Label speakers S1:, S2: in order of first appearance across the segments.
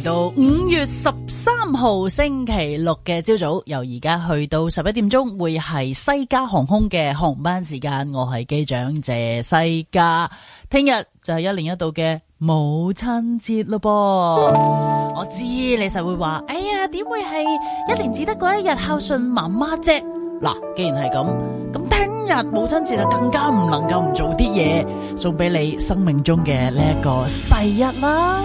S1: 到五月十三號星期六嘅朝早，由而家去到十一點鐘會係西加航空嘅航班時間。我係機長謝西加，聽日就係一年一度嘅母親節咯噃。 我知你實會話，哎呀，點會係一年只得嗰一日孝順媽媽啫？嗱、啊，既然係咁，咁聽日母親節就更加唔能夠唔做啲嘢送俾你生命中嘅呢一個世一啦。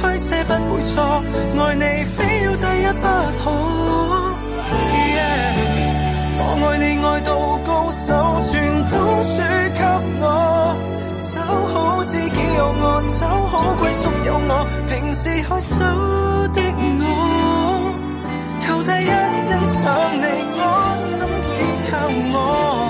S2: 推卸不會錯，愛你非要第一不可。Yeah, 我愛你愛到高手全都輸給我，找好自己有我，找好歸宿有我，平時害羞的我，求第一欣賞你我，安心倚靠我。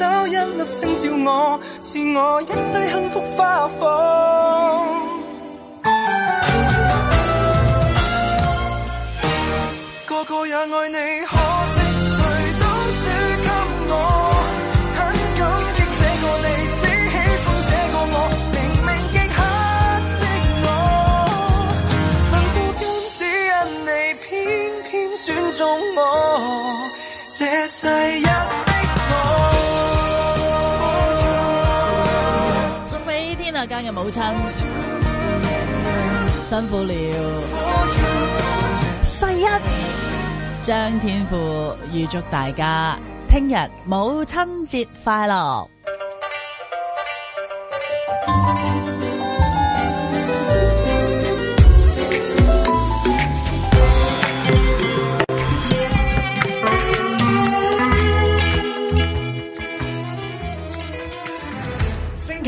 S2: 找一粒星照我，賜我一世幸福花火。個個也愛你。
S1: 嘅母親辛苦了，世一張天賦，預祝大家聽日母親節快樂。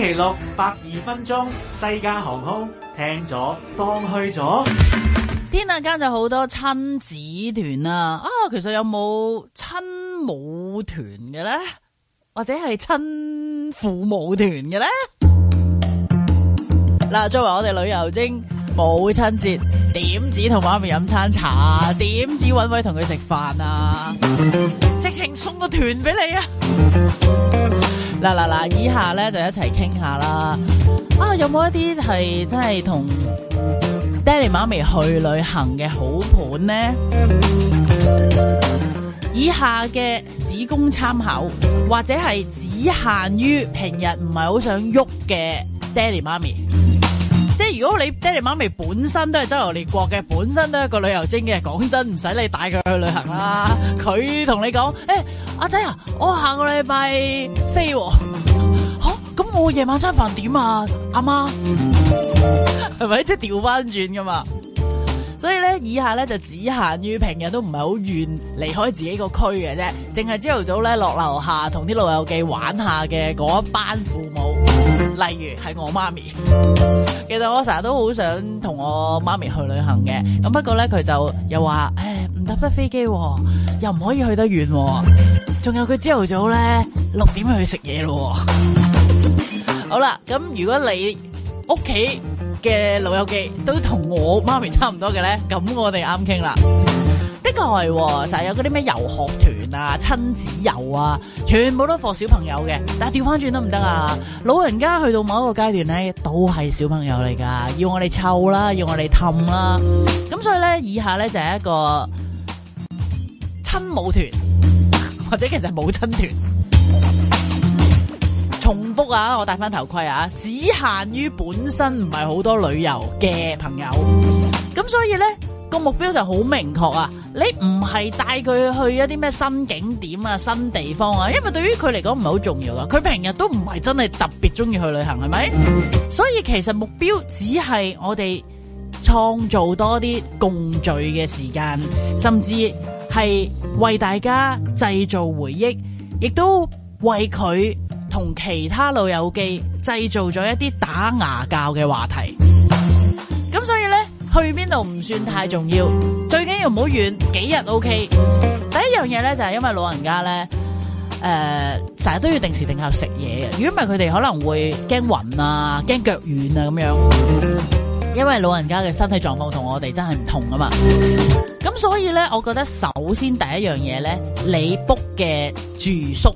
S2: 星期六百二分鐘，西加航空聽咗當去咗。
S1: 天啊，間就好多親子團啊！啊，其實有冇親母團嘅咧？或者係親父母團嘅咧？嗱、 啊，作為我哋旅遊精，母親節點止同媽咪飲餐茶，點止搵位同佢食飯啊？直情送個團俾你啊！ 嗱嗱嗱，以下咧，就一齊傾下啦。啊，有冇一啲係真係同爹哋媽咪去旅行嘅好盤呢？ 以下嘅只供參考，或者係只限於平日唔係好想喐嘅爹哋媽咪。 即係如果你爹哋媽咪本身都係周遊列國嘅，本身都係個旅遊精嘅，講真唔使你帶佢去旅行啦。佢同你講，誒、欸。阿仔啊，我、啊、下個禮拜飛，吓咁我夜晚餐飯點啊？阿媽係咪即係調翻轉噶嘛？所以咧，以下咧就只限於平日都唔係好遠離開自己個區嘅啫，淨係朝頭早咧落樓下同啲老友記玩下嘅嗰一班父母，例如係我媽咪。其實我成日都好想同我媽咪去旅行嘅，咁不過咧佢就又話唉唔搭得飛機、啊，又唔可以去得遠、啊。仲有佢朝頭早咧六點去食嘢咯， 好啦，咁如果你屋企嘅老友記都同我媽咪差唔多嘅咧，咁我哋啱傾啦，的確係、哦，就係有嗰啲咩遊學團啊、親子遊啊，全部都 for 小朋友嘅，但係調翻轉得唔得啊？老人家去到某一個階段咧，都係小朋友嚟噶，要我哋湊啦，要我哋氹啦，咁所以咧，以下咧就係一個親母團。或者其實冇親團重複啊！我戴翻頭盔啊！只限於本身唔係好多旅遊嘅朋友，咁所以呢個目標就好明確啊！你唔係帶佢去一啲咩新景點啊、新地方啊，因為對於佢嚟講唔係好重要噶。佢平日都唔係真係特別中意去旅行，係咪？所以其實目標只係我哋創造多啲共聚嘅時間，甚至，係為大家製造回憶，亦都為佢同其他老友記製造咗一啲打牙教嘅話題。咁 所以咧，去邊度唔算太重要，最緊要唔好遠，幾日都 O K。第一樣嘢咧就係因為老人家咧，誒成日都要定時定候食嘢嘅，如果唔係佢哋可能會驚暈啊，驚腳軟啊咁樣。因為老人家嘅身體狀況我同我哋真係唔同㗎嘛，咁所以咧，我覺得首先第一樣嘢咧，你 book 嘅住宿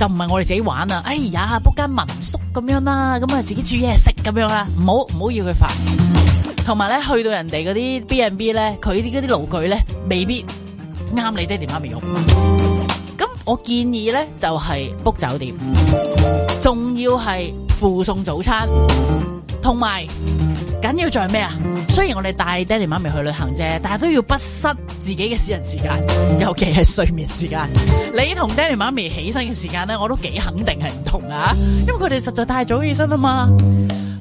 S1: 就唔係我哋自己玩啊！哎呀，book 間民宿咁樣啦，啊，咁啊自己煮嘢食咁樣啦，啊，唔好唔好要佢煩。同埋咧，去到人哋嗰啲 B and B 咧，佢啲嗰啲爐具咧，未必啱你爹哋媽咪用。咁我建議咧，就係、是、book 酒店，仲要係附送早餐，同埋。緊要在咩啊？雖然我哋帶爹哋媽咪去旅行啫，但係都要不失自己嘅私人時間，尤其係睡眠時間。你同爹哋媽咪起身嘅時間咧，我都幾肯定係唔同啊，因為佢哋實在太早起身啊嘛。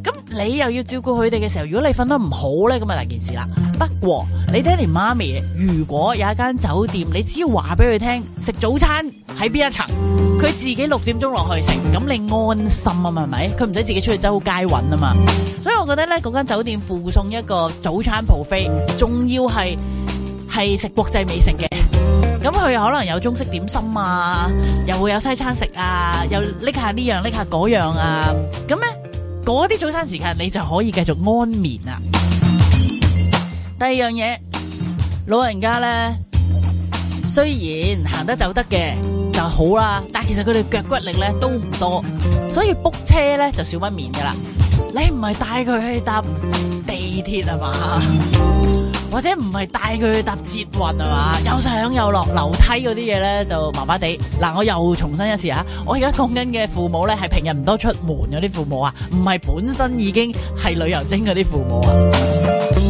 S1: 咁你又要照顧佢哋嘅時候，如果你瞓得唔好咧，咁啊大件事啦。不過你爹哋媽咪，如果有一間酒店，你只要話俾佢聽食早餐喺邊一層，佢自己六點鐘落去食，咁你安心啊嘛，係咪？佢唔使自己出去周街揾啊嘛。所以我覺得咧，嗰間酒店附送一個早餐 buffet，仲要係係食國際美食嘅。咁佢又可能有中式點心啊，又會有西餐食啊，又拎下呢樣拎下嗰樣啊。咁咧。嗰啲早餐時間你就可以繼續安眠啦。第二樣嘢，老人家咧，雖然行得走得嘅就好啦，但其實佢哋腳骨力咧都唔多，所以 book 車咧就少不免噶啦。你唔係帶佢去搭地鐵啊嘛？ 或者唔係帶佢去搭捷運係嘛？又上又落樓梯嗰啲嘢咧就麻麻地。嗱，我又重申一次吓，我而家講緊嘅父母咧係平日唔多出門嗰啲父母啊，唔係本身已經係旅遊精嗰啲父母啊。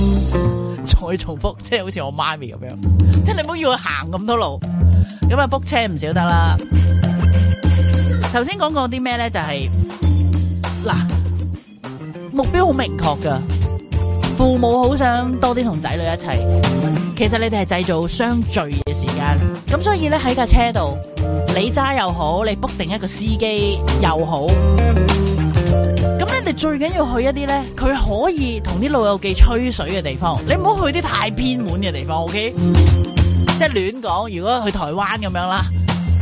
S1: 再重複，即係好似我媽咪咁樣，即 係你唔好要佢行咁多路，咁啊 book 車唔少得啦。頭先講過啲咩咧？就係，嗱，目標好明確噶。父母好想多啲同仔女一齊，其實你哋係製造相聚嘅時間，咁所以咧喺架車度，你揸又好，你 book 定一個司機又好，咁咧你最緊要去一啲咧，佢可以同啲老友記吹水嘅地方，你唔好去啲太偏門嘅地方，OK？即係亂講，如果去台灣咁樣啦，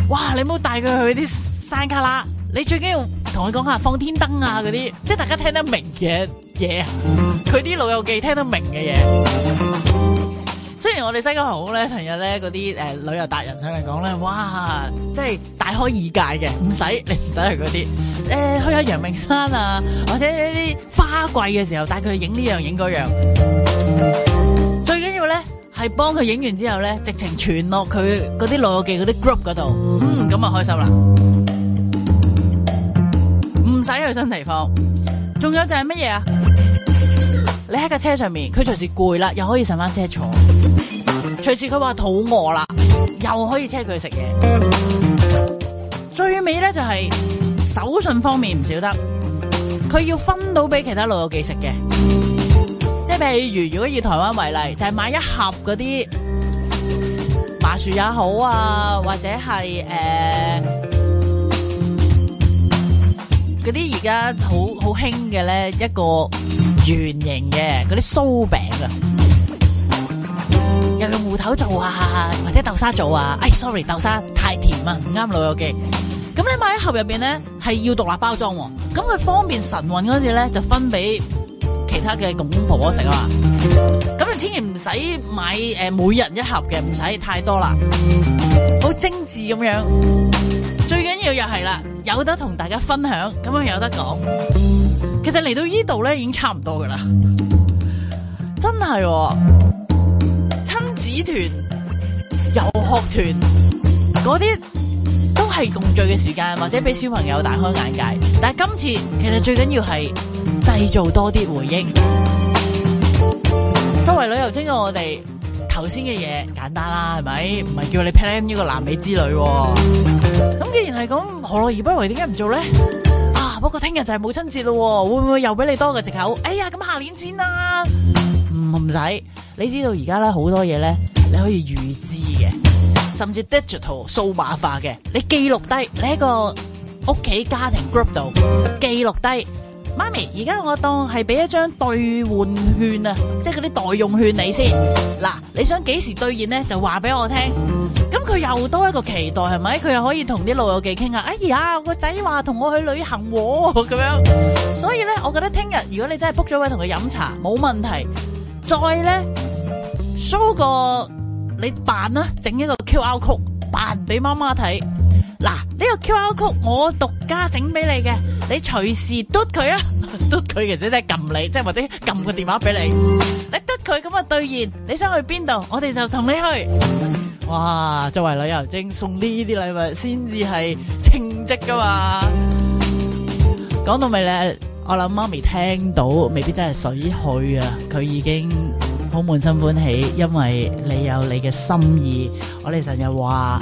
S1: 哇，你唔好帶佢去啲山卡拉，你最緊要同佢講下放天燈啊嗰啲，即係大家聽得明嘅。嘢佢啲老友記聽得明嘅嘢。雖然我哋西九好呢，咧成日咧嗰啲誒旅遊達人上嚟講咧，哇！即係大開眼界嘅，唔使你唔使去嗰啲誒，去下陽明山啊，或者一啲花季嘅時候帶佢去影呢樣影嗰樣。最緊要咧係幫佢影完之後咧，直情傳落佢嗰啲老友記嗰啲 group 嗰度，嗯，咁啊開心啦！唔使去新地方，仲有就係乜嘢啊？你喺架車上面，佢隨時攰啦，又可以上翻車坐；隨時佢話肚餓啦，又可以車佢去食嘢。最尾咧就係、是、手信方面唔少得，佢要分到俾其他老友記食嘅。即係譬如，如果以台灣為例，就係、是、買一盒嗰啲麻薯也好啊，或者係誒嗰啲而家好好興嘅咧一個。圓形嘅嗰啲酥餅啊，又用芋頭做啊，或者豆沙做啊。哎，sorry，豆沙太甜啊，唔啱老友記。咁你買一盒入邊咧，係要獨立包裝喎啊。咁佢方便晨運嗰陣咧，就分俾其他嘅公公婆婆食啊。咁啊，千祈唔使買誒，每人一盒嘅，唔使太多啦，好精緻咁樣。最緊要又係啦，有得同大家分享，咁樣有得講。其實嚟到呢度咧，已經差唔多噶啦， 真係喎，親子團、遊學團嗰啲都係共聚嘅時間，或者俾小朋友大開眼界。但係今次其實最緊要係製造多啲回憶。作為旅遊精嘅我哋，頭先嘅嘢簡單啦，係咪？唔係叫你 plan 呢個南美之旅喎，咁既然係咁，何樂而不為，為不？點解唔做咧？不過聽日就係母親節咯，會唔會又俾你多個借口？哎呀，咁下年先啦，唔唔使。你知道而家咧，好多嘢，咧，你可以預知嘅，甚至 digital 數碼化嘅，你記錄低你喺個屋企家庭 group 度記錄低。媽咪，而家我當係俾一張兌換券啊，即係嗰啲代用券你先。嗱，你想幾時兌現咧，就話俾我聽。咁佢又多一個期待，係咪？佢又可以同啲老友記傾下。哎呀，個仔話同我去旅行喎，咁樣。所以咧，我覺得聽日如果你真係 book 咗位同佢飲茶，冇問題。再咧，show 個你扮啦，整一個 QR Code 扮俾媽媽睇。嗱，呢個 QR Code 我獨家整俾你嘅。你隨時嘟佢啊，嘟佢其實真係撳你，即係或者撳個電話俾你。你嘟佢咁啊，兌現你想去邊度，我哋就同你去。哇！作為旅遊精，送呢啲禮物先至係稱職噶嘛。講到尾呢，我諗媽咪聽到未必真係水去啊，佢已經好滿心歡喜，因為你有你嘅心意。我哋成日話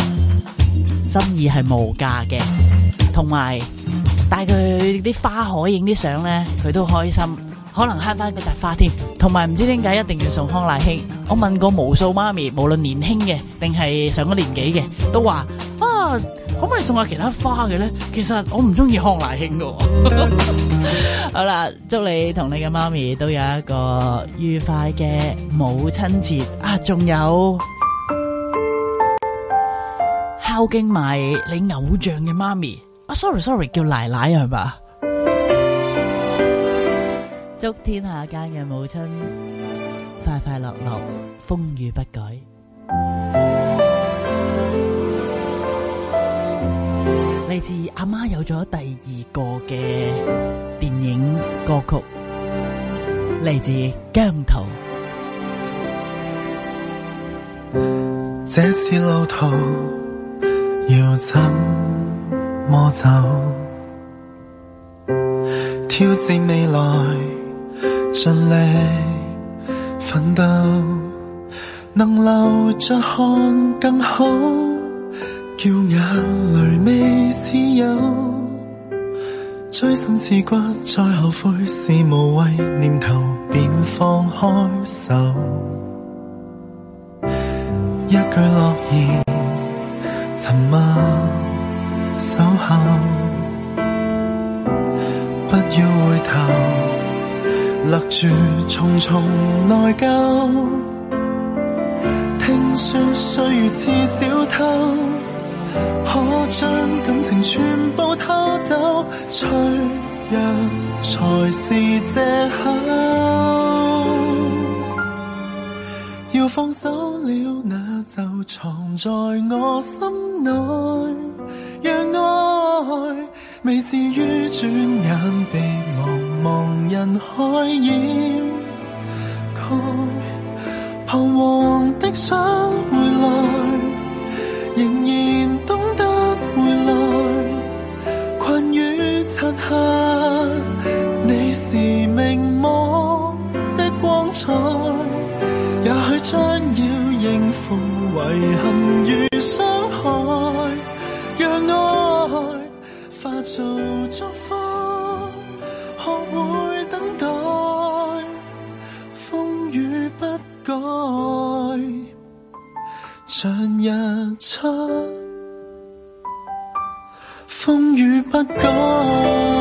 S1: 心意係無價嘅，同埋。帶佢去啲花海影啲相咧，佢都開心，可能慳翻個紮花添。同埋唔知點解一定要送康乃馨，我問過無數媽咪，無論年輕嘅定係上咗年紀嘅，都話啊，可唔可以送下其他花嘅咧？其實我唔中意康乃馨嘅。 好啦，祝你同你嘅媽咪都有一個愉快嘅母親節啊！仲有孝敬埋你偶像嘅媽咪。啊、oh，sorry，sorry，叫奶奶係嘛？吧祝天下間嘅母親快快樂樂，風雨不改。嚟 自阿媽有咗第二個嘅電影歌曲，嚟自姜濤。
S3: 這次路途要莫走，挑戰未來，盡力奮鬥，能流着汗更好，叫眼淚未似有，追心刺骨，再後悔是無謂，念頭便放開手，一句諾言沉默。守候，不要回頭，勒住重重內疚。聽說歲月似小偷，可將感情全部偷走，脆弱才是藉口。要放手了，那就藏在我心內。讓愛未至於轉眼被茫茫人海掩蓋，彷徨的想回來，仍然懂得回來。困於漆黑，你是明望的光彩，也許將要應付遺憾。做燭花，學會等待，風雨不改，像日出，風雨不改。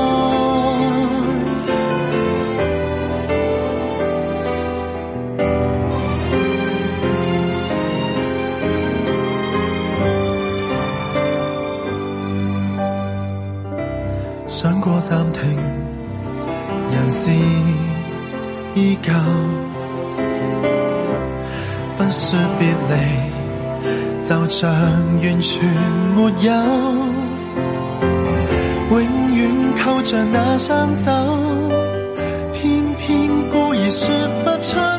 S3: 過暫停，人事依舊，不說別離，就像完全沒有，永遠扣着那雙手，偏偏故意說不出。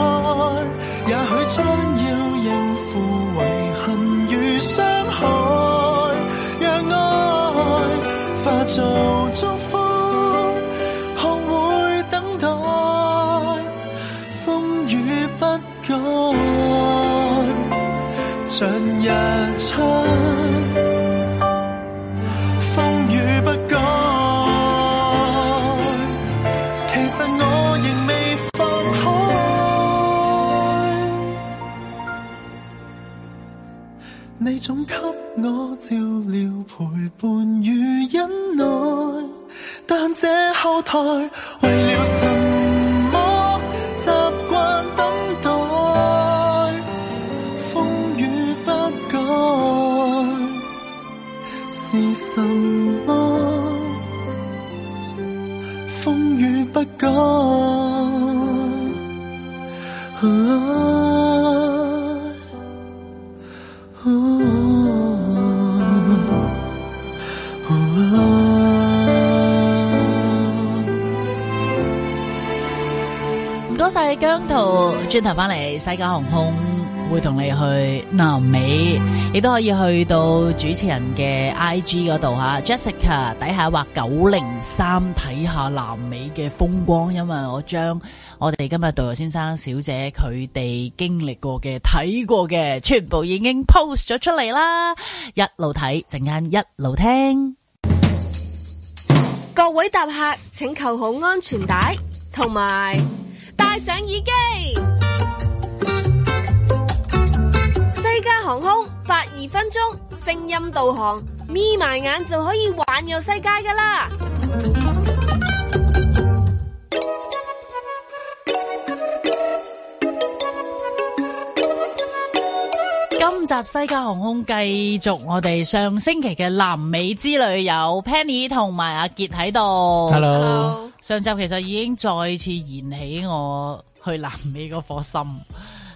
S3: 將要應付遺憾與傷害，讓愛化作。歡愉忍耐，但這後台為了什麼？習慣等待，風雨不改，是什麼？風雨不改。啊
S1: 喺姜濤轉頭翻嚟，西加航空會同你去南美，亦都可以去到主持人嘅 IG 嗰度吓。Jessica 底下畫九零三，睇下南美嘅風光。因為我將我哋今日導遊先生小姐佢哋經歷過嘅、睇過嘅，全部已經 post 咗出嚟啦。一路睇，陣間一路聽。各位搭客，
S4: 請扣好安全帶，同埋。戴上耳機，西加航空發二分鐘聲音導航，眯埋眼就可以環遊世界㗎喇！
S1: 今集西加航空繼續我哋上星期嘅南美之旅，有 Penny 同埋阿杰喺度。Hello，上集其實已經再次燃起我去南美嗰顆心，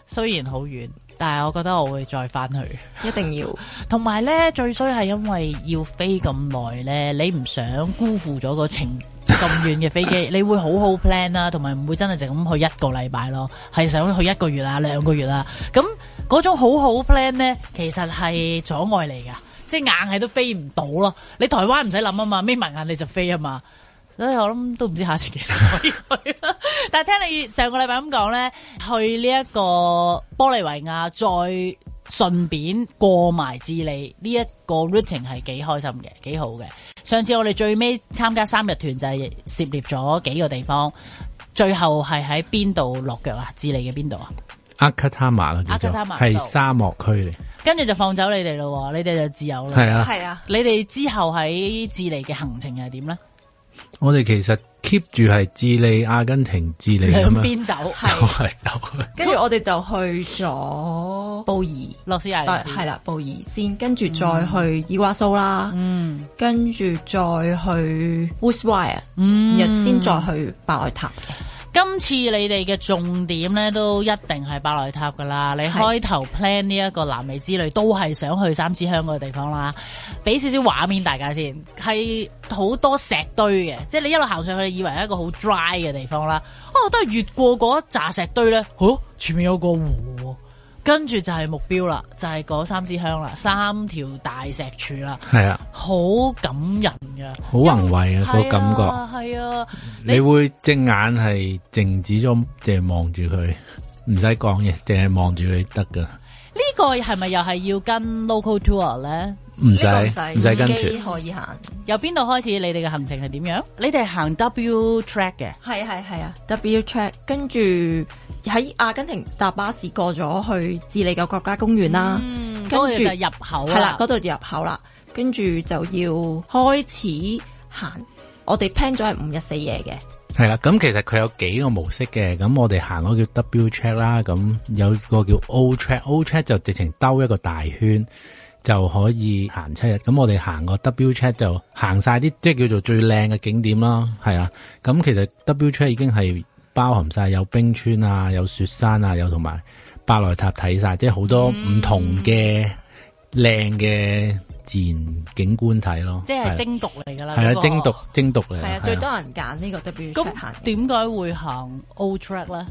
S1: 雖然好遠，但係我覺得我會再翻去，一定要。同埋呢，最衰係因為要飛咁耐呢，你唔想辜負咗個情。咁遠嘅飛機，你會好好 plan 啦，同埋唔會真係就咁去一個禮拜咯，係想去一個月啊，兩個月啊，咁嗰種好好 plan 咧，其實係阻礙嚟噶，即係硬係都飛唔到咯。你台灣唔使諗啊嘛，眯埋眼你就飛啊嘛，所以我諗都唔知下次幾時可以去。但係聽你上個禮拜咁講咧，去呢一個玻利維亞再。順便過埋智利呢一個 rating 係幾開心嘅，幾好嘅。上次我哋最尾參加三日團就係、是、涉獵咗幾個地方，最後係喺邊度落腳啊？智利嘅邊度啊？
S5: 阿卡塔馬啦、啊，係沙漠區嚟。
S1: 跟住就放走你哋咯，你哋就自由啦。係啊，係啊。你哋之後喺智利嘅行程係點咧？
S5: 我哋其實。keep 住係智利、阿根廷、智利向樣邊走，
S4: 係
S5: 走。
S1: 跟
S4: 住是 我哋就去咗布宜諾斯艾利斯，係、呃、啦，布宜先，跟住再去伊瓜蘇啦，嗯， 嗯，跟住再去烏斯懷亞，嗯，日先再去白拿塔嘅。 嗯
S1: 今次你哋嘅重點咧，都一定係百內塔噶啦。你開頭 plan 呢一個南美之旅，都係想去三支香嗰地方啦。俾少少畫面大家先，係好多石堆嘅，即係你一路行上去，你以為係一個好 dry 嘅地方啦。哦、啊，都係越過嗰一紮石堆咧，好、啊、前面有個湖。跟住就係目標啦，就係、是、嗰三支香啦，三條大石柱啦，係啊，好感人嘅，
S5: 好為宏偉啊個感覺，
S1: 係啊，啊你，你
S5: 會隻眼係靜止咗，淨係望住佢，唔使講嘢，淨係望住佢得㗎。
S1: 呢個係咪又係要跟 local tour 咧？
S5: 唔使唔使跟團，可
S1: 以行。由邊度開始？你哋嘅行程係點樣？你哋行 W track 嘅，係啊係係啊 W track、啊啊、跟住。喺阿根廷
S4: 搭巴士過咗去，去智利嘅國家公園啦，嗯、
S1: 跟住就入口係啦，嗰度
S4: 就入口啦，跟住就要開始行。我哋 plan 咗係五日四夜嘅，
S5: 係啦。咁其實佢有幾個模式嘅，咁我哋行嗰個叫 W Track 啦，咁有個叫 O Track，O Track 就直情兜一個大圈就可以行七日。咁我哋行個 W Track 就行晒啲即係叫做最靚嘅景點啦，係啊。咁其實 W Track 已經係。包含晒有冰川啊，有雪山啊，有同埋巴來塔睇晒，即係好多唔同嘅靚嘅自然景觀睇咯。即係精
S1: 讀嚟㗎啦，係啊，精讀
S5: 精讀嚟。係啊的，最多人
S1: 揀呢個 W。咁點解會行 Old track 咧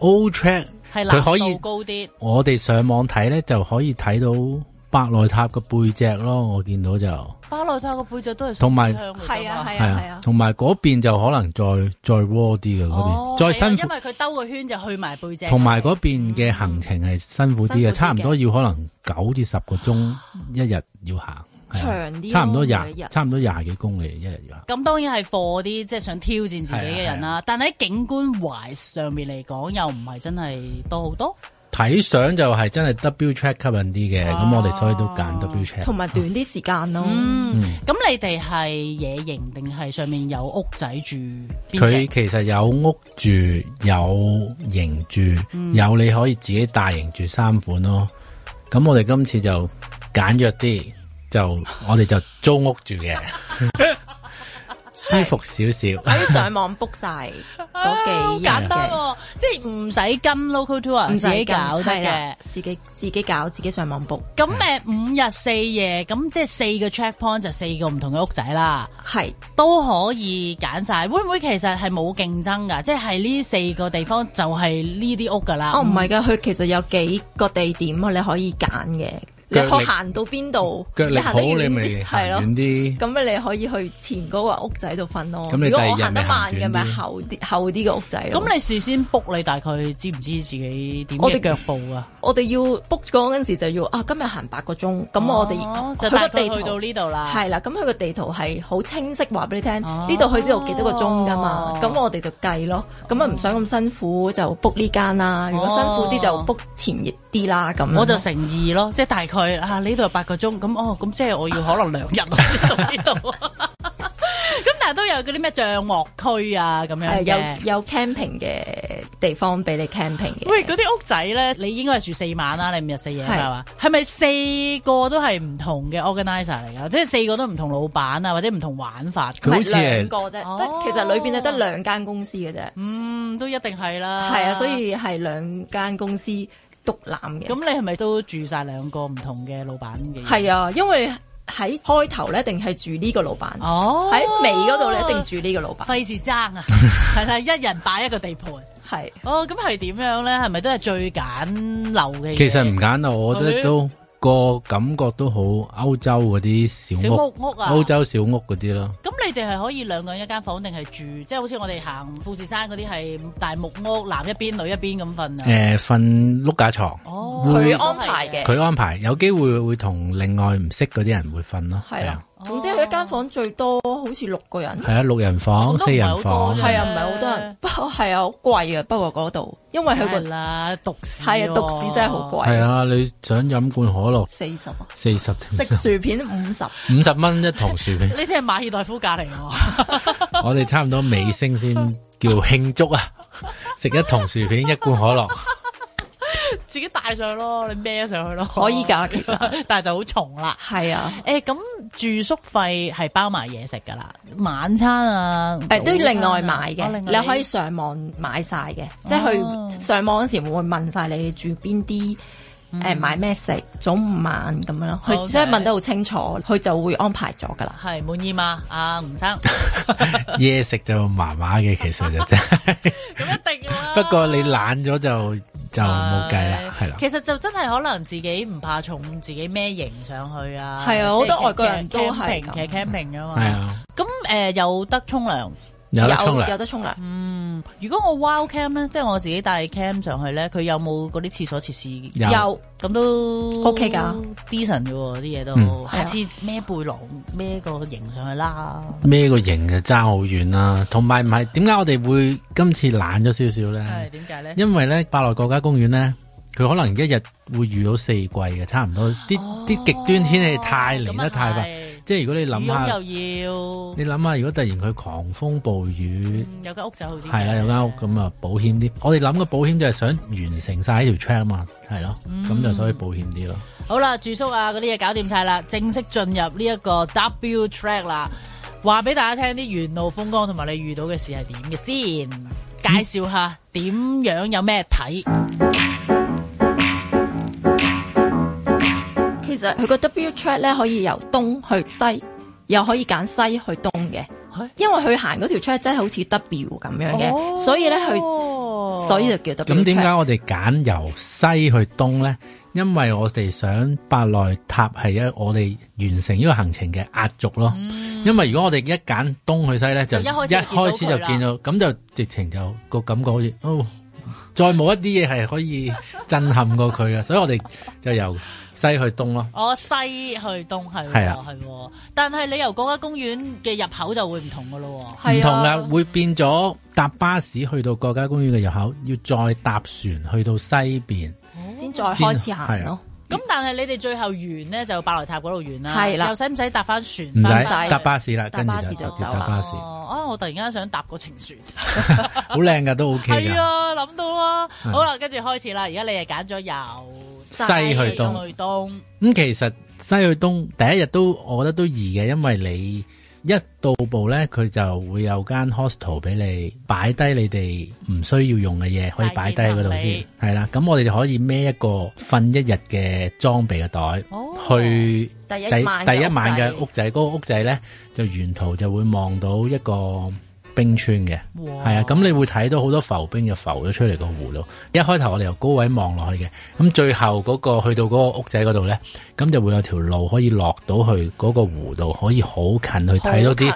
S5: ？all Old track 佢難可以高啲。我哋上網睇咧就可以睇到。百內塔個背脊咯，我見到就
S1: 百內塔個背脊都係同埋香嘅。係啊係啊係啊，同
S5: 埋嗰邊就可能再再窩啲嘅嗰邊，再辛苦。因為
S1: 佢兜個圈就去埋背脊。同埋嗰
S5: 邊嘅行程係辛苦啲嘅，差唔多要可能九至十個鐘一日要行，
S1: 長啲，差唔多廿，差
S5: 唔多廿幾公里一日要行。
S1: 咁當然係貨啲，即係想挑戰自己嘅人啦。但喺景觀畫上面嚟講，又唔係真係多好多。
S5: 睇相就係真係 W Track 吸引啲嘅，咁、啊、我哋所以都揀 W Track，同
S1: 埋短啲時間咯。咁、嗯嗯、你哋係野營定係上面有屋仔住？佢
S5: 其實有屋住、有營住、嗯、有你可以自己大營住三款咯。咁、嗯、我哋今次就簡約啲，就我哋就租屋住嘅。 舒服少少，喺
S1: 上網 book 晒，嗰幾日即係唔使跟 local tour，
S4: 唔使搞自己
S1: 自己搞，自己上網 book。咁誒、嗯、五日四夜，咁即係四個 check point 就四個唔同嘅屋仔啦，係都可以揀晒。會唔會其實係冇競爭㗎？即係呢四個地方就係呢啲屋㗎啦？哦，唔係㗎，佢其實有幾個地點你可以揀嘅。你可行到邊度？
S4: 你行到，你咪係咯，遠啲。咁你可以去前嗰個屋仔度瞓咯。咁如果我行得慢嘅，咪後啲後啲嘅屋仔。咁你事先 book，你大概知唔知自己點樣？我哋腳步啊！我哋要 book 嗰陣時就要啊！今日行八個鐘，咁我哋去個地圖到呢度啦。係啦，咁佢個地圖係好清晰，話俾你聽，呢度去呢度幾多個鐘噶嘛。咁我哋就計咯。咁啊，唔想咁辛苦就 book 呢間啦。如果辛苦啲就
S1: book 前啲啦。咁我就誠意咯，即係大概。佢啊，呢度係八個鐘咁、嗯、哦，咁即係我要可能兩日到呢度咁，但係都有嗰啲咩帳幕
S4: 區啊咁，是樣有有 camping 嘅地方俾你
S1: camping 嘅。喂，嗰啲屋仔咧，你應該係住四晚啦，你五日四夜係嘛？係咪四個都係唔同嘅 organizer 嚟噶？即係四個都唔同老闆啊，或者唔同玩法，兩個啫得、哦、其實裏邊係得兩間公司嘅啫。嗯，都一定係啦，係啊，所以係兩間公司。獨嘅，咁你係咪都住晒兩個唔同嘅老闆嘅？係啊，因
S4: 為喺開頭咧，一定係住呢個老闆哦。喺尾嗰度咧，一定住
S1: 呢個老闆，費事、哦、爭啊！係 啊，一人擺一個地盤。係是哦，咁係點樣咧？係咪都係最揀樓嘅？其實
S5: 唔揀樓，我覺得都。Okay. 個感覺都好歐洲嗰啲小，小木屋啊，歐洲小屋嗰啲咯。
S1: 咁你哋係可以兩個人一間房，定係住，即係好似我哋行富士山嗰啲係大木屋，男一邊女一邊咁瞓啊？誒、呃，
S5: 瞓碌架床，佢、
S4: 哦、會安排嘅，
S5: 佢安排有機會會同另外唔識嗰啲人會瞓咯。
S4: 係啊。總之佢一間房間最多好似六個人，係
S5: 啊、哦、六人房，哦、四人房，係啊，唔係好多人。
S4: 不過係啊好貴啊，不過嗰度，因為佢嗰啲啊獨市，係啊獨市真係好貴。係
S5: 啊，你想飲罐可樂四十，四十 40, 40, 50, 食
S4: 薯
S1: 片五十，
S5: 五十蚊一桶薯片。呢
S1: 啲係馬爾代夫價嚟。
S5: 我哋差唔多尾聲先叫慶祝啊！ 食一桶薯片，一罐可樂。
S1: 自己帶上去咯，你孭上去咯，可以㗎，其實， 但係就好重啦。係啊，誒咁、欸、住宿費係包埋嘢食㗎啦，晚餐啊，誒、呃啊、都要另外買嘅，啊、另外你，你可以上網買晒嘅，哦、即係去上網嗰時會問
S4: 晒你住邊啲。誒，買咩食？早午晚咁樣咯，佢即係問得好清楚，佢就會安排咗噶啦。係滿意嘛？阿吳生，
S5: 嘢食就麻麻嘅，其實就真係。咁一定啦。不過你懶咗就就冇計啦，係啦。其
S1: 實就真係可能自己唔怕重，自己咩型上去啊？係啊，好多外國人都係嘅，去 camping 噶嘛。係啊。咁誒，有得沖涼。有得沖涼，有得沖涼。嗯，如果我 wild camp 咧，即係我自己帶 camp 上去咧，佢有冇嗰啲廁所設施？有，咁都 OK 噶。decent 嘅喎，啲嘢都，下次孭背囊孭個營上去啦。
S5: 孭個營就差好遠啦，同埋唔係點解我哋會今次懶咗少少咧？係點解咧？為呢因為咧，百內國家公園咧，佢可能一日會遇到四季嘅，差唔多啲啲極端天氣太嚟得太快。哦嗯嗯嗯嗯即係如果你諗下，又要你諗下，如果突然佢狂風暴雨，嗯、有間屋就好啲。係啦，有間屋咁啊，保險啲。嗯、我哋諗個保險就係想完成晒呢條 track 嘛，係咯，咁、嗯、就所以保險啲咯。
S1: 好啦，住宿啊嗰啲嘢搞掂晒啦，正式進入呢一個 W track 啦。話俾大家聽啲沿路風光同埋你遇到嘅事係點嘅先，介紹下點、嗯、樣有咩睇。
S4: 其實佢個 W track 咧，可以由東去西，又可以揀西去東嘅，因為佢行嗰條 track 真係好似 W 咁樣嘅。哦、所以咧佢所以就叫 W、哦。咁點解我
S5: 哋揀由西去東咧？因為我哋想百內塔係一我哋完成呢個行程嘅壓軸咯。嗯、因為如果我哋一揀東去西咧，就，就，一，開就一開始就見到咁就，到就直情就、那個感覺好似哦，再冇一啲嘢係可以震撼過佢嘅， 所以我哋就由。西去東
S1: 咯，哦，西去東係係啊係，但係你由國家公園嘅入口就會唔同噶咯，唔的同噶
S5: 會變咗搭巴士去到國家公園嘅入口，要再搭船去到西邊，
S1: 先再開始行咯。咁的但係你哋最後完呢，就白來塔嗰度完啦，係啦的，又使唔使搭返船？唔使搭巴士啦，跟住就，就直接搭巴士。哦，啊啊，我突然間想搭個程船，
S5: 好靚噶都 OK 噶，係啊
S1: 諗到啦的。好啦，跟住開始啦，而家你係揀咗游。西去東，
S5: 咁其實西去東第一日都，我覺得都易嘅，因為你一到步咧，佢就會有間 hostel 俾你擺低你哋唔需要用嘅嘢，可以擺低喺嗰度先，係啦。咁我哋就可以孭一個瞓一日嘅裝備嘅袋，哦、去第第一晚嘅屋仔，嗰、嗰個屋仔咧就沿途就會望到一個。冰川嘅，係啊哇、嗯，咁你會睇到好多浮冰就浮咗出嚟個湖囉。一開頭我哋由高位望落去嘅，咁最後嗰、那個去到嗰個屋仔嗰度咧，咁、嗯、就會有條路可以落到去嗰、那個湖度，可以好近去睇到啲，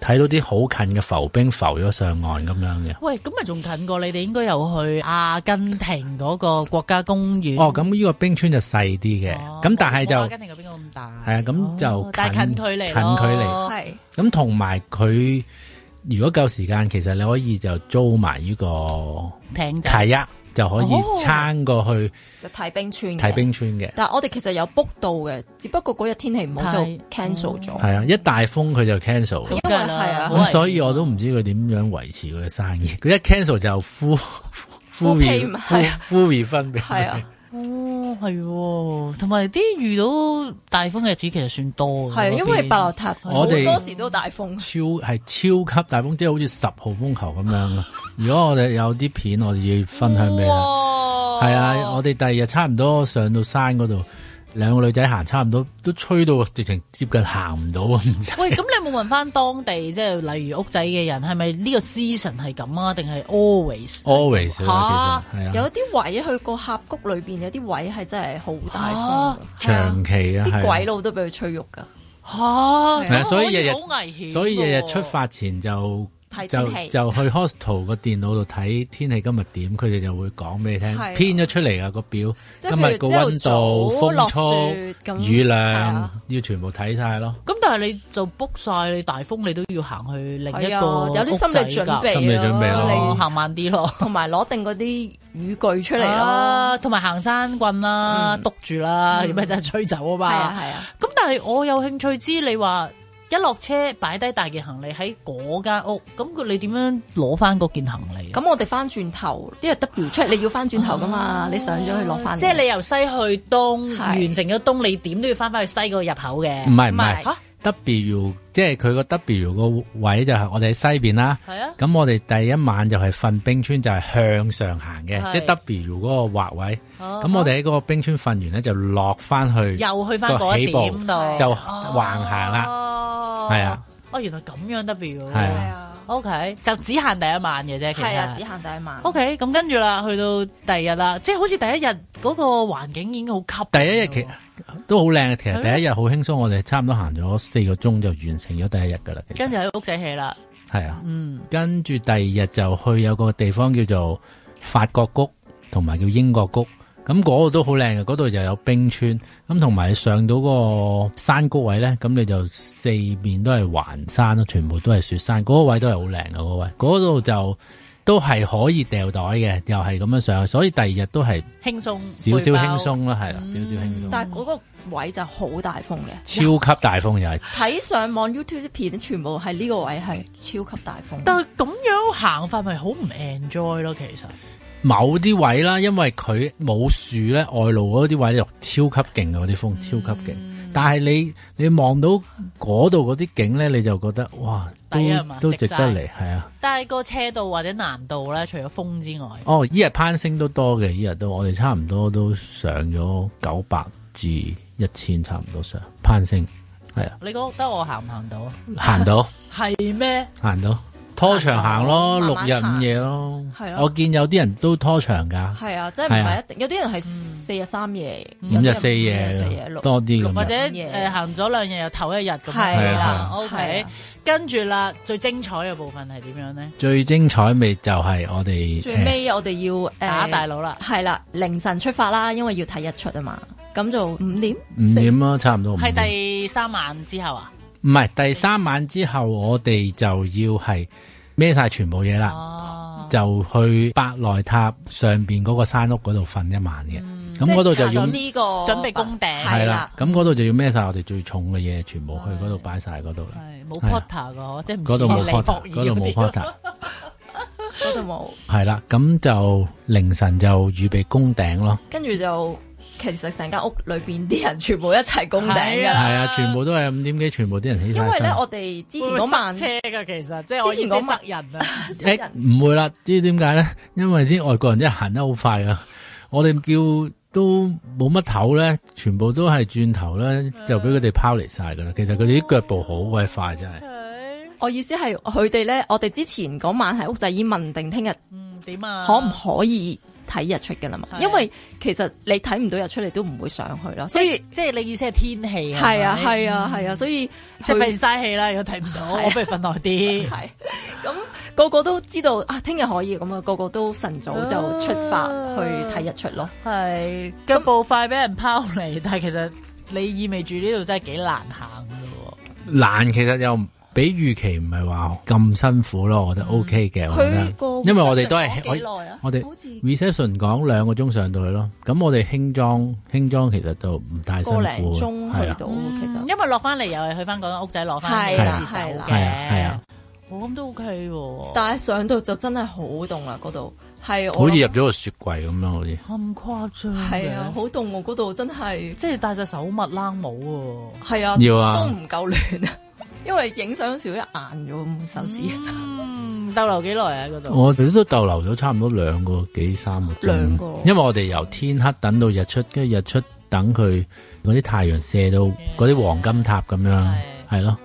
S5: 睇近到啲好近嘅浮冰浮咗上岸咁樣嘅。
S1: 喂，咁咪仲近過你哋應該有去阿根廷嗰個
S5: 國家公園？哦，咁呢個冰川、哦、就細啲嘅，咁但係就阿
S1: 根
S5: 廷嘅冰川咁大。係啊、哎，咁就近距離，哦、近距離係。咁同埋佢。哦如果夠時間，其實你可以就租埋呢個
S1: 艇
S4: 仔，
S5: 就可以撐過去。
S4: 就睇冰川，睇冰川嘅。但係，我哋其實有 book 到嘅，只不過嗰日天氣唔好就 cancel 咗。係啊，
S5: 一大風佢就 cancel。
S4: 係啊，咁所
S5: 以我都唔知佢點樣維持佢嘅生意。佢一 cancel 就呼呼呼分別。係啊。
S1: 係，同埋啲遇到
S5: 大風嘅日子其實算多嘅。係對，因為白塔對我哋好多時都大風，超係超級大風，即係好似十號風球咁樣。 如果我哋有啲片，我哋要分享咩咧？係哇啊，我哋第二日差唔多上到山嗰度。兩個女仔行差唔多，都吹到直情接，接近行唔到啊！ 喂，咁
S1: 你有冇問翻當地，即係例如屋仔嘅人，係咪呢個 season 係咁啊？定係 always？always
S5: 吓，係有
S1: 啲位去個
S4: 峽谷裏邊，有啲位係真係好大風，啊、長期啊，啲鬼佬都俾佢吹喐噶吓，所以日日好危險，所以日
S5: 日出發前就。就就去 hostel 個電腦度睇天氣今日點，佢哋就會講俾你聽，編咗出嚟啊個表，今日個溫度、風、落雪、雨量要全部睇晒咯。
S1: 咁但係你就 book 晒，你大風你都要行去另一個屋仔噶，有啲心理準備，
S5: 心理準備咯，你行
S1: 慢啲咯，同埋攞定嗰啲雨具出嚟啦，同埋行山棍啦，篤住啦，如果真係吹走啊嘛。係啊係啊。咁但係我有興趣知你話。一落車擺低大件行李喺嗰間屋，咁佢你點樣攞翻嗰件行李？咁我哋翻轉頭，因為 W 出嚟，你要翻轉頭噶嘛？你上咗去落翻。即係你由西去東完成咗東，你點都要翻返去西嗰個入口嘅。唔係唔
S5: 係 W，即係佢個 W 個位就係我哋喺西邊啦。係啊，咁我哋第一晚就係瞓冰川，就係向上行嘅，即係 W 嗰個滑位。咁我哋喺嗰個冰川瞓完咧，就落翻去。又去翻嗰個點度，就橫行啦。
S1: 係、哦、啊，哦、啊，原來咁樣得嘅喎？係啊，OK，就只限第一晚嘅啫。係啊，只限第一晚，OK，咁跟住啦，去到第二日啦，即係好似第一日嗰個環境已經好吸，
S5: 第一日其實、嗯、都好靚，其實第一日好輕鬆，啊、我哋差唔多行咗四個鐘就完成咗第一日噶啦，
S1: 跟住喺屋仔起啦，
S5: 係啊，嗯，跟住第二日就去有個地方叫做法國谷，同埋叫英國谷。咁嗰度都好靚嘅，嗰度又有冰川，咁同埋你上到個山谷位咧，咁你就四面都係環山咯，全部都係雪山，嗰、嗰個位都係好靚嘅嗰位，嗰、那、度、個、就都係可以掉袋嘅，又係咁樣上，所以第二日都係
S4: 輕鬆少少輕
S5: 鬆啦，係啦包，少少輕鬆、嗯。但係
S4: 嗰個位就好大風嘅，超
S5: 級大風又係。
S4: 睇 上網 YouTube 啲片，全部係呢個位係超級大風。 但係
S1: 咁樣行法咪好唔 enjoy 咯，其實。
S5: 某啲位啦，因為佢冇樹咧，外露嗰啲位就超級勁啊。嗰啲風超級勁。嗯、但係你你望到嗰度嗰啲景咧，你就覺得哇都，都值得嚟，係啊。
S1: 但係個車道或者難度咧，除咗風之外，
S5: 哦，依日攀升都多嘅，依日都我哋差唔多都上咗九百至一千差唔多上攀升，係啊。
S1: 你覺得我行唔行到？行到係咩？
S5: 行到。 嗎拖長行咯，六日五夜咯。係啊，我見有啲人都拖長㗎。係啊，即係唔係一定？
S1: 有啲人係四日三夜，
S5: 五日四夜，多啲，或
S1: 者誒行咗兩日又唞一日咁樣。係啦，OK。跟住啦，最精彩嘅部分係點樣
S5: 咧？最精彩咪就係我哋最尾，
S1: 我哋要打大佬啦。係啦，凌
S4: 晨出發啦，因為要睇日出啊嘛。咁就五點，
S5: 五點啊，差唔多。係第
S4: 三
S1: 晚之後啊。
S5: 唔係第三晚之後，我哋就要係孭晒全部嘢啦，就去百內塔上邊嗰個山屋嗰度瞓一晚嘅。咁嗰度就要呢
S1: 個準備攻頂係啦。
S5: 咁嗰度就要孭晒我哋最重嘅嘢，全部去嗰度擺晒嗰度啦。冇
S1: porter 噶，即係唔知咩名薄意嗰啲。嗰度冇 porter，
S5: 嗰度冇。係啦，咁就凌晨就預備攻頂咯。
S4: 跟住就。其實成間屋裏邊啲人全部一齊攻頂噶啦，
S5: 係啊，全部都係五點幾，全部啲人起。因為咧，我哋之前嗰
S1: 晚車噶，其實即係
S5: 之前嗰日人。誒，唔會啦，知係點解咧？因為啲外國人真係行得好快啊！我哋叫都冇乜頭咧，全部都係轉頭咧，就俾佢哋拋離晒噶啦。其實佢哋啲腳步好鬼快，哦、真係。
S4: okay 我意思係佢哋咧，我哋之前嗰晚喺屋仔已經問定聽日，嗯，
S1: 點啊？可唔
S4: 可以？睇日出嘅啦嘛，因為其實你睇唔到日出，你都唔會上去咯。所以即係你意思係天氣啊？係啊，係啊，係啊。所以就係嘥晒
S1: 氣啦，如果睇唔到，我不如
S4: 瞓耐啲。係咁個個都知道啊，聽日可以咁啊，個個都晨早就出發去睇日出咯。
S1: 係腳步快俾人拋嚟，但係其實你意味住呢度真係幾難
S5: 行嘅咯。難其實又。比預期唔係話咁辛苦咯，我覺得 OK 嘅。佢個因為我哋都係我我哋 research 講兩個鐘上到去咯，咁我哋輕裝輕裝其實都唔太辛苦嘅。兩個鐘去
S1: 到其實，因為落翻嚟又係去翻嗰間屋仔落翻啲
S4: 熱酒嘅。
S1: 我諗都 OK 喎，
S4: 但係上到就真係好凍啦，嗰度，係好似
S5: 入咗個雪櫃咁樣，好似咁
S4: 誇張嘅，係啊，好凍喎，嗰度真係即係戴隻手襪冷帽喎，係啊，要啊都唔夠暖啊！因為影相少一硬咗手指，嗯、
S1: 逗留幾耐啊
S4: 嗰
S5: 度？我哋都逗留咗差唔多兩個幾三個鐘，兩個？因為我哋由天黑等到日出，跟住日出等佢嗰啲太陽射到嗰啲黃金塔咁樣。係咯，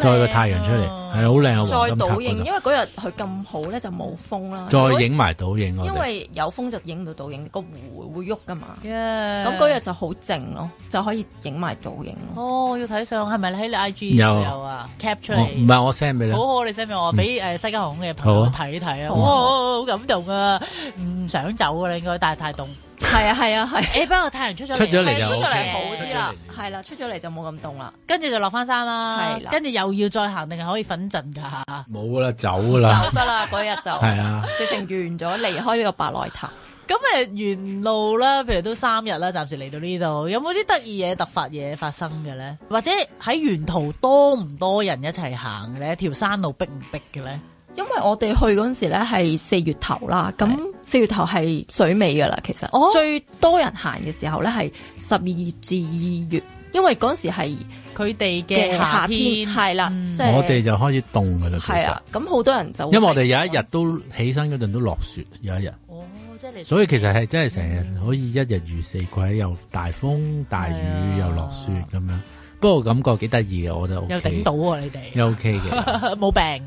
S5: 再個太陽出嚟，係好靚，再倒影，
S4: 因為嗰日佢咁好咧就冇風啦，再影
S5: 埋倒影。因為
S4: 有風就影唔到倒影，個湖會喐
S1: 噶嘛。咁嗰日
S4: 就好靜咯，就可以影埋倒影。
S1: 哦，要睇相係咪喺你 IG 有啊？cap 出嚟，
S5: 唔係我 send 俾你。好好，
S1: 你 send 俾我，俾誒西加航空嘅朋友睇睇啊！好好，好感動啊，唔想走噶啦，應該，但係太凍。係啊係啊係，誒不過太陽
S5: 出咗嚟，出咗嚟，OK，好啲
S4: 啦，
S1: 係啦，出咗嚟就冇咁凍啦，啊、跟住就落翻山啦，係啦，跟住又要再行，定係可以瞓陣噶吓？
S5: 冇啦，走啦， 走得
S1: 啦，嗰日就係 啊，直情完咗離開呢個白來潭。咁誒，沿路咧，譬如都三日啦，暫時嚟到呢度，有冇啲得意嘢、突發嘢發生嘅咧？或者喺沿途多唔多人一齊行嘅咧？條山路逼唔逼嘅咧？因為我哋
S4: 去嗰陣時咧，係四月頭啦，咁四的月頭係水尾噶啦。其實、哦、最多人行嘅時候咧，係十二月至二月，因為嗰陣時係佢哋嘅夏天係啦，即係我哋
S5: 就開始凍噶啦。係
S4: 咁好多人就，因為我哋有
S5: 一日都起身嗰陣都落雪，有一日哦，即係所以其實係真係成日可以一日如四季，又大風大雨的又落雪咁樣，不過感覺幾得意嘅，我覺得、OK、又頂到、啊、你哋，又 OK 嘅，
S1: 冇病。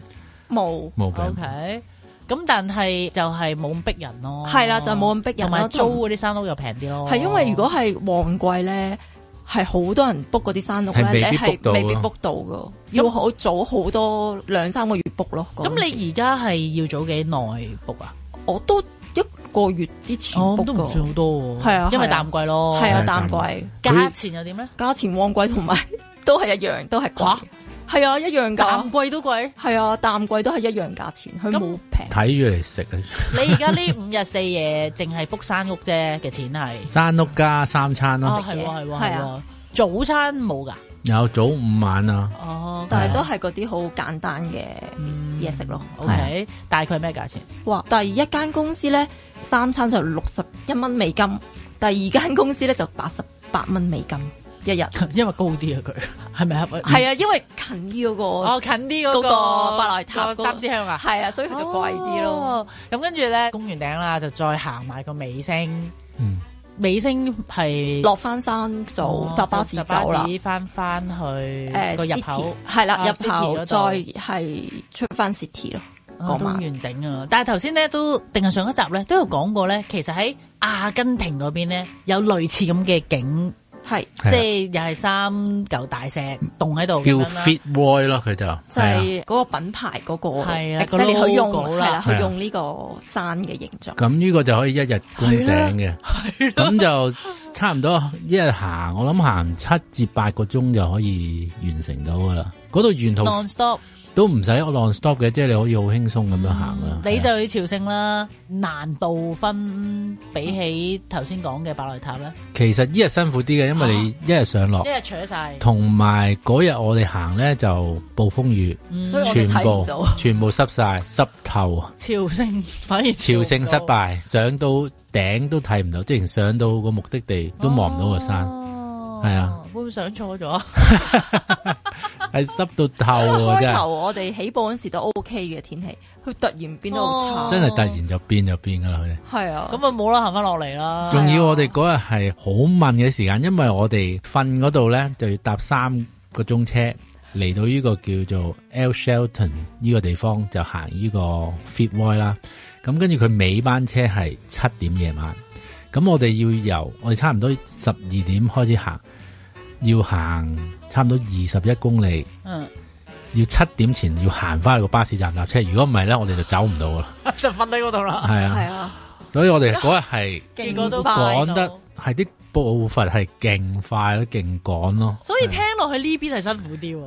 S1: 冇，冇，OK，咁但係就係冇咁逼人咯，係啦，就冇咁逼人，同埋租嗰啲山屋又平啲咯。係因為
S4: 如果係旺季咧，係好多人 book 嗰啲山屋咧，你係未必 book 到噶，要好早好多兩三個月 book 咯。咁你而家係
S1: 要早幾耐 book 啊？我都一個月之前 book 個，唔、哦、算好多，係啊，啊因為淡季咯，係啊，淡季。
S4: 價錢又點咧？價、哎、錢旺季同埋都係一
S1: 樣，都係係啊，一樣價，淡季都貴。係啊，淡季都係一樣價錢，佢冇平。
S5: 睇住嚟食啊！
S1: 你而家呢五日四夜淨係 book 山屋啫嘅錢係
S5: 山屋加三餐咯。係
S4: 係係啊，
S1: 早餐冇噶？
S5: 有早午晚啊。
S4: 哦，但係都係嗰啲好簡單嘅嘢食咯。O K，大概係咩價錢？哇！第一間公司咧，三餐就六十一蚊美金，第二間公司咧就八十八蚊美金。一日，因為高啲啊，佢係咪？
S1: 係咪啊？係啊，因為近啲嗰個，哦，近啲嗰個百內塔三支香啊，係啊，所以佢就貴啲咯。咁跟住咧，公園頂啦，就再行埋個尾聲，尾聲係落
S4: 翻山就
S1: 搭巴士走啦，翻翻去個入口係啦，入口再係出翻 city 咯，講完整啊！但係頭先咧都定係上一集咧都有講過咧，其實喺阿根廷嗰邊咧有類似咁嘅景。係，即係又係三嚿大石棟喺度，
S4: 叫 Fit
S5: Boy 咯，佢就即係
S1: 嗰個品牌嗰、嗰個，係、啊、你去用係
S4: 啦，去用呢個山嘅形象。
S5: 咁呢個就可以一日登頂嘅，咁、啊啊、就差唔多一日行，我諗行七至八個鐘就可以完成到噶啦。嗰度沿途。都唔使我浪 stop 嘅，即係你可以好輕鬆咁樣行啊！你
S1: 就去朝聖啦，難度分比起頭先講嘅百內塔咧，
S5: 其實依日辛苦啲嘅，因為你一日上落，一日坐晒，同埋嗰日我哋行咧就暴風雨，嗯、全部全部濕晒濕透啊！透朝聖反而朝聖失敗，上到頂都睇唔到，直情上到個目的地都望唔到個山，係啊。
S1: 都想錯咗，
S5: 係濕 到透啊。 開頭
S4: 我哋起步嗰時都 O K 嘅天氣，佢突然變得好差，哦、真係突
S5: 然就變就變噶啦，係啊，
S4: 咁有啊冇啦，行翻落嚟啦。仲要我
S5: 哋嗰日係好慢嘅時間，因為我哋瞓嗰度咧就要搭三個鐘車嚟到呢個叫做 El Shelton 呢個地方，就行呢個 Fitz Roy 啦。咁跟住佢尾班車係七點夜晚，咁我哋要由我哋差唔多十二點開始行。要行差唔多二十一公里，嗯，要七點前要行返去個巴士站搭車。如果唔係咧，我哋就走唔到啦， 就瞓喺嗰度啦。係啊，係啊，所以我哋嗰日係勁都趕得係啲。步伐係勁快咯，勁趕咯，所以聽
S1: 落去呢邊係辛苦啲。
S4: 如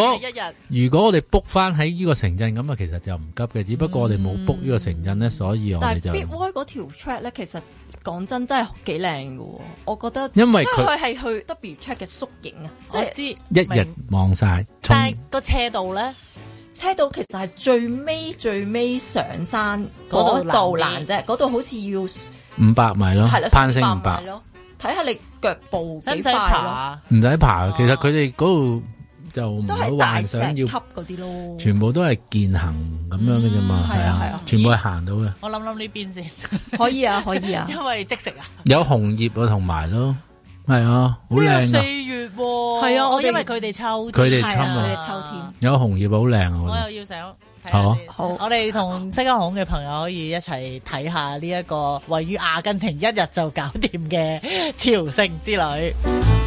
S4: 果一日，
S5: 如果我哋 book 翻喺呢個城鎮，咁啊其實就唔急嘅，只不過我哋冇 book 呢個城鎮咧，所以我哋就。但係
S4: f i w 嗰條 track 咧，其實講真真係幾靚㗎，我覺得。因為佢係去 w track 嘅縮影啊，即係一日
S5: 望晒。
S4: 但係個斜度咧，斜度其實係最尾最尾上山嗰度難啫，嗰度好似要
S5: 五百米咯，攀升五百
S4: 睇下你腳步
S5: 幾快咯，使唔使爬啊？唔使爬。其實佢哋嗰度就唔係大石級嗰啲
S1: 咯，
S5: 全部都係健行咁樣嘅啫嘛，係啊，全部行到嘅。我諗諗呢邊先，可以
S1: 啊，可以啊，因為即食
S5: 啊。有紅葉啊，同埋咯，係啊，好靚啊。
S1: 四月喎，係啊，我因為佢哋秋佢哋秋天
S5: 有紅葉好靚啊，我又要想。好，
S1: 看看我哋同西加航嘅朋友可以一齊睇下呢一個位於阿根廷一日就搞掂嘅朝聖之旅。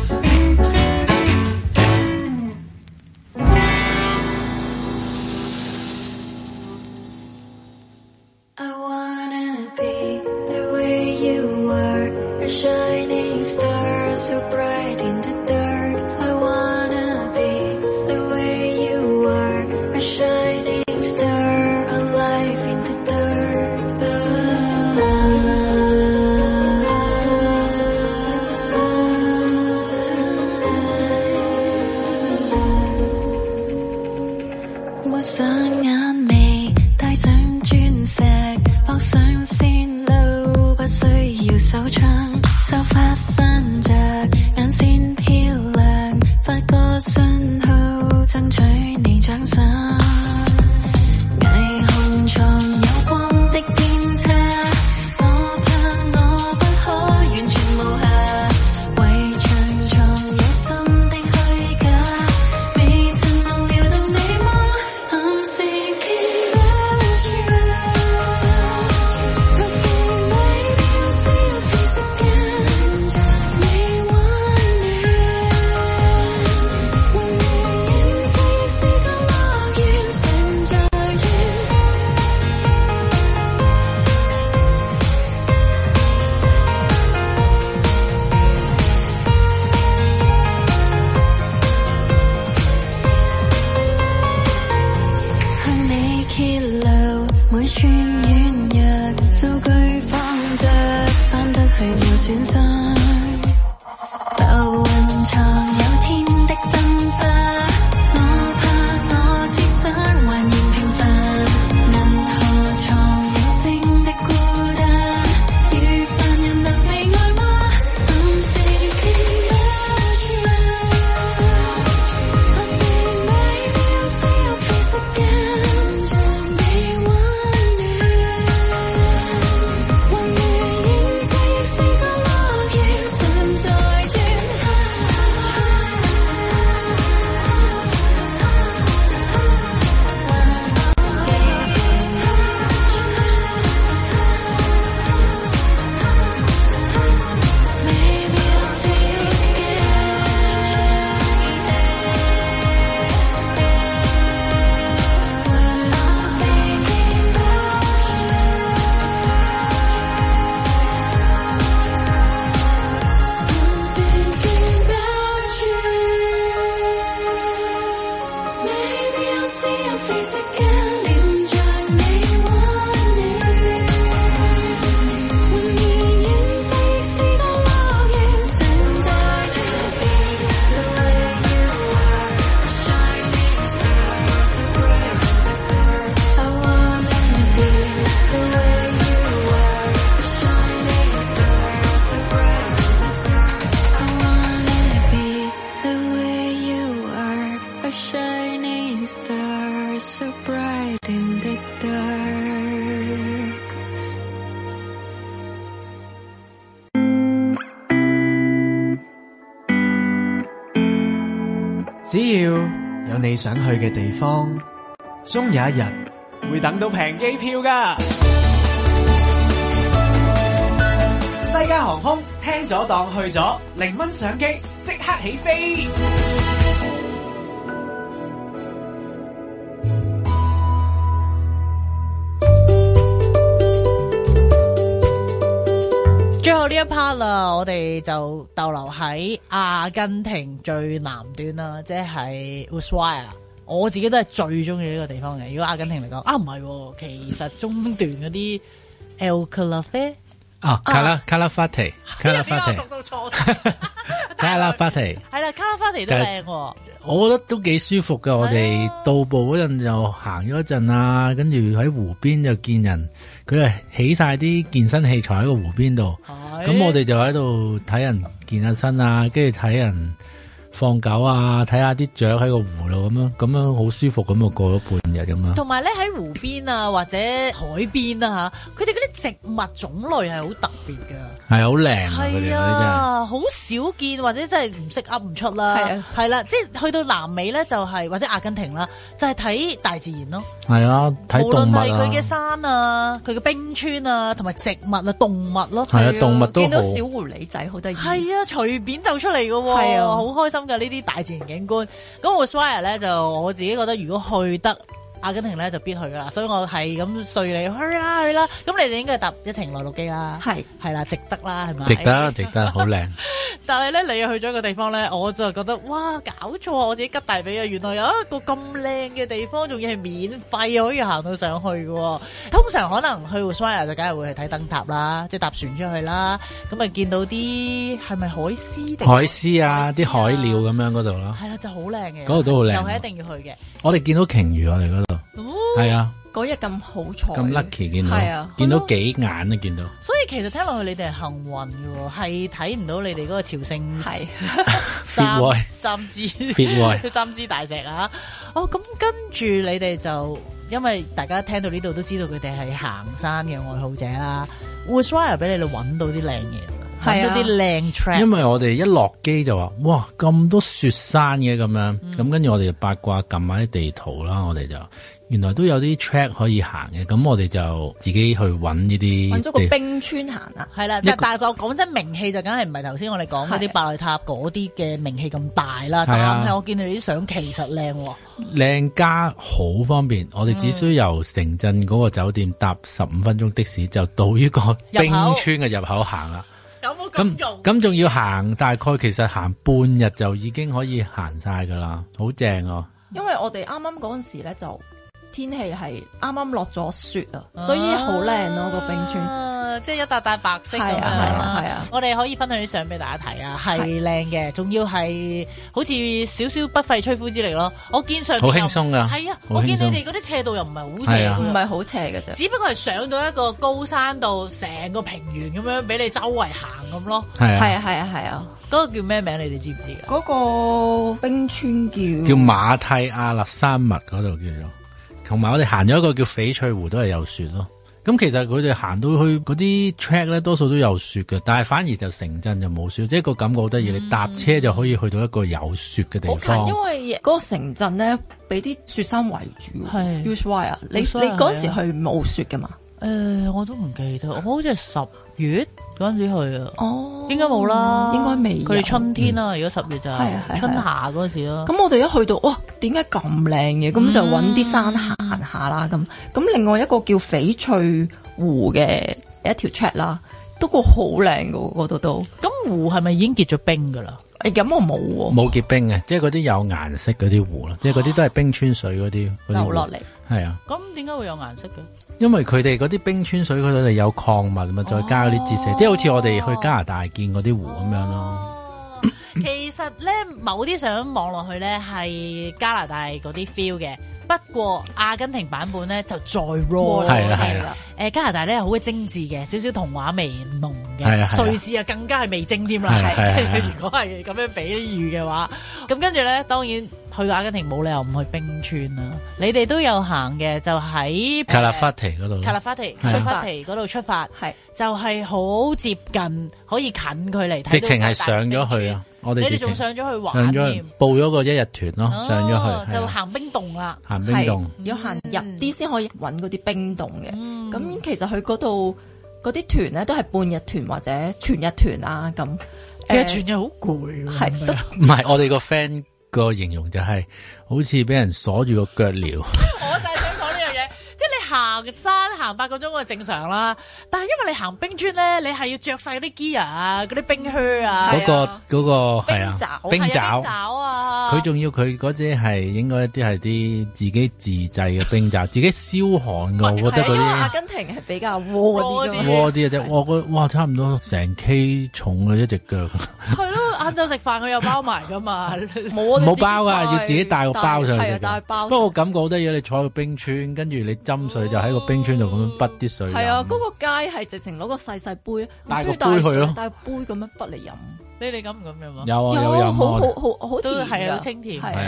S2: 機票噶，西加航空聽咗檔去咗，零蚊相機即刻起飛。
S1: 最後呢一 part 啦，我哋就逗留喺阿根廷最南端啦，即係烏斯懷亞。我自己都係最中意呢個地方嘅。如果阿根廷嚟講，啊唔係、啊，其實中段嗰啲 El Calafate、oh, Cal
S5: 啊，卡拉卡拉法提，卡拉法提，點解讀到錯？卡拉法提
S1: 係啦，卡拉法提都靚。
S5: 我覺得都幾舒服嘅。啊、我哋到步嗰陣又行咗一陣啊，跟住喺湖邊就見人，佢係起晒啲健身器材喺個湖邊度。咁我哋就喺度睇人健下身啊，跟住睇人。放狗啊，睇下啲雀喺個湖度咁咯，咁樣好舒服咁啊，過咗半日咁啊。
S1: 同埋咧喺湖邊啊或者海邊啊吓，佢哋嗰啲植物種類係好特別噶，
S5: 係好靚啊，佢哋嗰啲真係
S1: 好少見或者真係唔識噏唔出啦。係啦、啊啊，即係去到南美咧就係、是、或者阿根廷啦，就係、是、睇大自然咯。
S5: 係啊，睇動物，無論係，佢嘅
S1: 山啊，佢嘅冰川啊，同埋植物啊，動物咯，係啊，啊動物都見到小狐狸仔好得意，係啊，隨便就出嚟嘅，係啊，好、啊、開心㗎呢啲大自然景觀。咁我 Square 咧就我自己覺得，如果去得。阿根廷咧就必去啦，所以我係咁睡你去啦去啦，咁你哋應該搭一程內陸機啦，係係啦，值得啦，係咪？值得，
S5: 值得，好靚！
S1: 但係咧，你去咗一個地方咧，我就覺得哇，搞錯啊！我自己吉大髀啊，原來有一個咁靚嘅地方，仲要係免費可以行到上去嘅。通常可能去烏斯蘭就梗係會去睇燈塔啦，即係搭船出去啦，咁啊見到啲係咪海獅
S4: 定海獅
S5: 啊？啲海鳥咁樣嗰度咯，係
S1: 啦，就好靚
S5: 嘅，嗰度都好靚，係一定要去嘅。我哋見到鯨魚我哋嗰度。係、哦、啊，
S1: 嗰日咁好彩，咁 lucky
S5: 見到，啊、見到幾眼都、啊、見到。
S1: 所以其實聽落去你哋係幸運嘅，係睇唔到你哋嗰個朝聖係， 三 三支 fit 會三支大隻啊！哦，咁跟住你哋就因為大家聽到呢度都知道佢哋係行山嘅愛好者啦，would r t e 俾你哋揾到啲靚嘢。係嗰啲靚 track，因
S5: 為我哋一落機就話哇咁多雪山嘅咁樣，咁跟住我哋就八卦撳埋啲地圖啦。我哋就原來都有啲 track 可以行嘅，咁我哋就自己去揾呢啲。揾咗個冰
S1: 川地行啊，係啦個，但係講真，名氣就梗係唔係頭先我哋講嗰啲白里塔嗰啲嘅名氣咁大啦。啊、但係我見到啲相其實靚喎、
S5: 啊，靚、啊嗯、加好方便。我哋只需要由城鎮嗰個酒店搭十五分鐘的的士就到呢個冰川嘅入口行啦、啊。咁咁仲要行，大概其實行半日就已經可以行晒㗎喇，好正哦！
S4: 因為我哋啱啱嗰陣時咧就。天氣係啱啱落咗雪啊，
S1: 所以好靚咯個冰川，即係一笪笪白色咁樣。係啊係啊係啊！我哋可以分享啲相俾大家睇啊，係靚嘅，仲要係好似少少不費吹灰之力咯。我見上好輕鬆噶，係啊，我見你哋嗰啲斜度又唔係好斜，唔係好斜嘅啫。只不過係上到一個高山度，成個平原咁樣俾你周圍行咁咯。
S5: 係啊
S4: 係啊
S1: 係啊！嗰個叫咩名？你哋知
S4: 唔知啊？嗰個冰川叫叫
S5: 馬替亞納山脈嗰度叫做。同埋我哋行咗一個叫翡翠湖都係有雪咯，咁其實佢哋行到去嗰啲 track 咧，多數都有雪嘅，但係反而就城鎮就冇雪，即係個感覺好得意，你、嗯、搭車就可以去到一個有雪嘅地方。因
S4: 為嗰個城鎮咧，俾啲雪山圍住，係是。Why 啊 Us wire？你你嗰時去
S1: 冇雪噶嘛？誒，我都唔記得，我好似係十月嗰陣時去、哦、啊。哦，應該冇啦，應該未。佢哋春天啦，如果十月就係、嗯、春夏嗰陣時咯、啊。咁、嗯嗯、我哋一
S4: 去到，哇，點解咁靚嘅？咁就搵啲山行下啦。咁咁，另外一個叫翡翠湖嘅一條 track 啦，都個好靚噶，嗰度都。
S1: 咁湖係咪已經結咗冰噶啦？咁、欸、我冇
S4: 冇、
S5: 啊、結冰嘅，即係嗰啲有顏色嗰啲湖啦，啊、即係嗰啲都係冰川水嗰啲流落嚟。係啊，
S1: 咁點解會有顏色嘅？
S5: 因為佢哋嗰啲冰川水物物，佢哋有礦物，咪再加啲折射，哦、即係好似我哋去加拿大見嗰啲湖咁樣咯、哦。
S1: 其實咧，某啲相望落去咧，係加拿大嗰啲 feel 嘅。不過阿根廷版本咧就再 raw 係啦誒，啦加拿大咧好嘅精緻嘅，少少童話味濃嘅。啊啊、瑞士就啊，更加係味精添啦。即係、啊、如果係咁樣比喻嘅話，咁跟住咧，當然。去阿根廷冇理由唔去冰川啊！你哋都有行嘅，就喺卡拉法提嗰度，卡拉法提出發嗰度出發，係就係好接近，可以近距離。
S4: 直情係
S5: 上咗去，我哋你哋仲上
S1: 咗去
S4: 玩添，
S5: 報咗個一日團咯，上咗去就
S4: 行冰洞啦，行冰洞要行入啲先可以揾嗰啲冰洞嘅。咁其實去嗰度嗰啲團咧都係半日團或者全日團啊
S1: 咁。誒，全日好攰咯，係都唔
S5: 係我哋個 friend。個形容就係、是、好似俾人鎖住個腳鐐，我
S1: 就係想講呢樣嘢，即係你行。行山行八個鐘就正常啦，但係因為你行冰川咧，你係要着晒啲 gear 啊，嗰啲冰靴啊，嗰個嗰個
S5: 冰爪，冰爪啊，佢仲要佢嗰隻係應該一啲係啲自己自製嘅冰爪，自己燒焊嘅，我覺得嗰阿根廷
S1: 係
S4: 比
S5: 較窩嗰啲，窩啲哇差唔多成 K 重嘅一隻腳。係
S1: 咯，晏晝食飯佢又包埋㗎嘛，冇包啊，要自己帶
S5: 個包上去食。不過我感覺好多嘢，你坐喺冰川，跟住你斟水就喺個冰川度咁樣潑啲水。係啊，
S4: 嗰個街係直情攞個細細杯，帶個杯去咯，帶杯咁樣
S1: 潑嚟飲。你哋咁唔咁
S5: 樣？有啊，有好
S4: 好好都係好清甜嘅，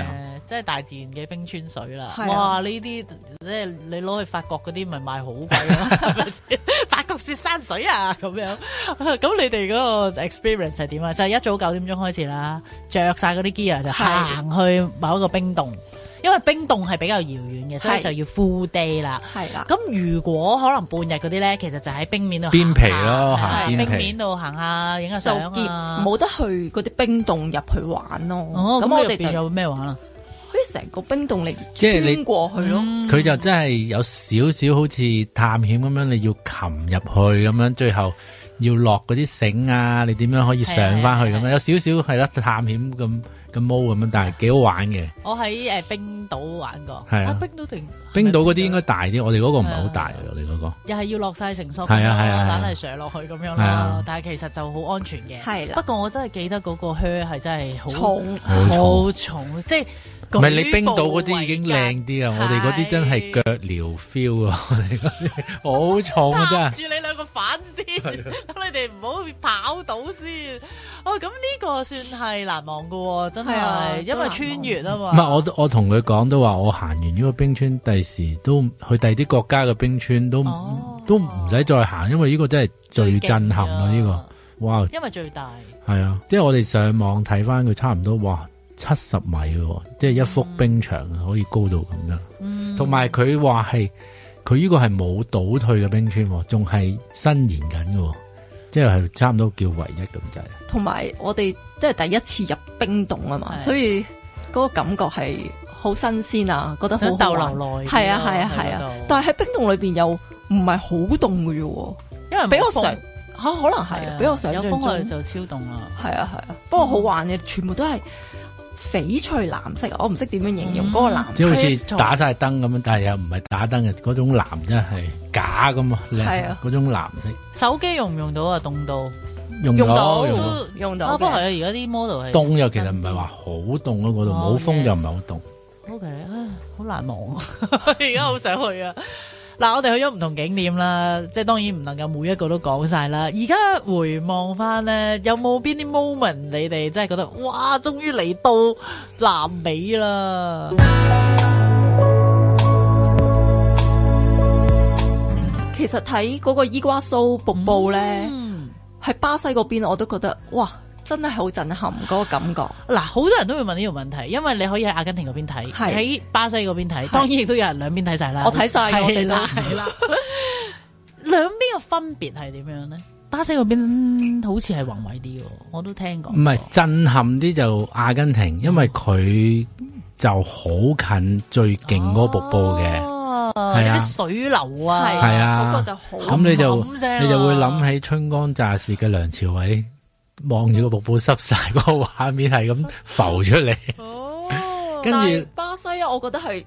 S1: 即係大自然嘅冰川水啦。哇！呢啲即係你攞去法國嗰啲，咪賣好貴咯。法國雪山水啊，咁樣。咁你哋嗰個 experience 係點啊？就係一早九點鐘開始啦，着晒嗰啲 gear 就行去某一個冰洞。因為冰洞係比較遙遠嘅，是所以就要 full day 啦。係啦的。咁如果可能半日嗰啲咧，其實就喺冰面度。邊皮
S5: 咯，係冰面
S1: 度行下，影下相啊。冇得去嗰啲冰洞入去玩咯。咁、哦、我哋就，就有咩玩啊？
S4: 可以成個冰洞嚟穿過去咯。
S5: 佢就真係有少少好似探險咁樣，你要擒入去咁樣，最後要落嗰啲繩啊，你點樣可以上翻去咁樣？的的有少少係啦，探險咁。個毛咁樣，但係幾好玩嘅。
S1: 我喺誒冰島玩過。係啊，冰島定？
S5: 冰島嗰啲應該大啲，我哋嗰個唔係好大。啊、我哋嗰、嗰個
S1: 又係要落晒成霜，攞個傘嚟上落去咁樣咯。啊、但係其實就好安全嘅。係啦、啊。不過我真係記得嗰個靴係真係好、啊、重，好重，即係、 就是。唔係你冰島嗰啲
S5: 已經靚啲啊！我哋嗰啲真係腳療 feel 啊！我哋嗰啲好重啊！ 住
S1: 你兩個反先，等的 你哋唔好跑到先。哦，咁呢個算係難忘噶，真係因為穿越啊嘛。唔
S5: 係我我同佢講都話，我行完呢個冰川，第時都去第啲國家嘅冰川都、哦、都唔使再行，因為呢個真係最震撼啊！呢、這個哇，因為最大係啊，即係我哋上網睇翻佢差唔多哇。七十米嘅，即係一幅冰牆，可以高到咁樣。嗯，同埋佢話係佢呢個係冇倒退嘅冰川，仲係伸延緊嘅，即係差唔多叫唯一咁滯。
S4: 同埋我哋即係第一次入冰洞啊嘛，所以嗰個感覺係好新鮮啊，覺得好逗留耐。係啊係啊係啊，但係喺冰洞裏邊又唔係好凍嘅啫，因為比我上吓可能係俾我上一張有風就超凍啦。係啊係啊，不過好玩嘅全部都係。翡翠藍色，我唔識點
S1: 樣形容嗰、嗯、
S4: 個藍色。好似打
S5: 晒燈咁樣，但係又唔係打燈嘅嗰種藍，真係假咁啊！靚！係啊，嗰種藍色。
S1: 手機用唔用到啊？凍到，用到，用到。不過係啊，而家啲 model 係凍
S5: 又其實唔係話好凍咯，嗰度冇風又唔係好凍。
S1: OK，啊，好難忘啊！而家好想去啊！ 嗱，我哋去咗唔同景點啦，即係當然唔能夠每一個都講晒啦。而家回望翻咧，有冇邊啲 moment 你哋真係覺得，哇，終於嚟到南美啦？
S4: 其實睇嗰個伊瓜蘇瀑布咧，mm. 喺巴西嗰邊我都覺得，
S1: 哇！真係好震撼嗰個感覺，嗱，好多人都會問呢個問題，因為你可以喺阿根廷嗰邊睇，喺巴西嗰邊睇，當然亦都有人兩邊睇晒啦。我睇晒，係啦，係啦。兩邊嘅分別係點樣呢？巴西嗰邊好似係宏偉啲，我都聽講。唔係
S5: 震撼啲就阿根廷，因為佢就好近最勁嗰個瀑布嘅，
S1: 係啊，水流啊，係啊，嗰個就好。咁你就你就會諗
S5: 起春光乍泄嘅梁朝偉。望住個瀑布濕晒個畫面，係咁浮出嚟。哦，跟住，
S4: 巴西咧，我覺得係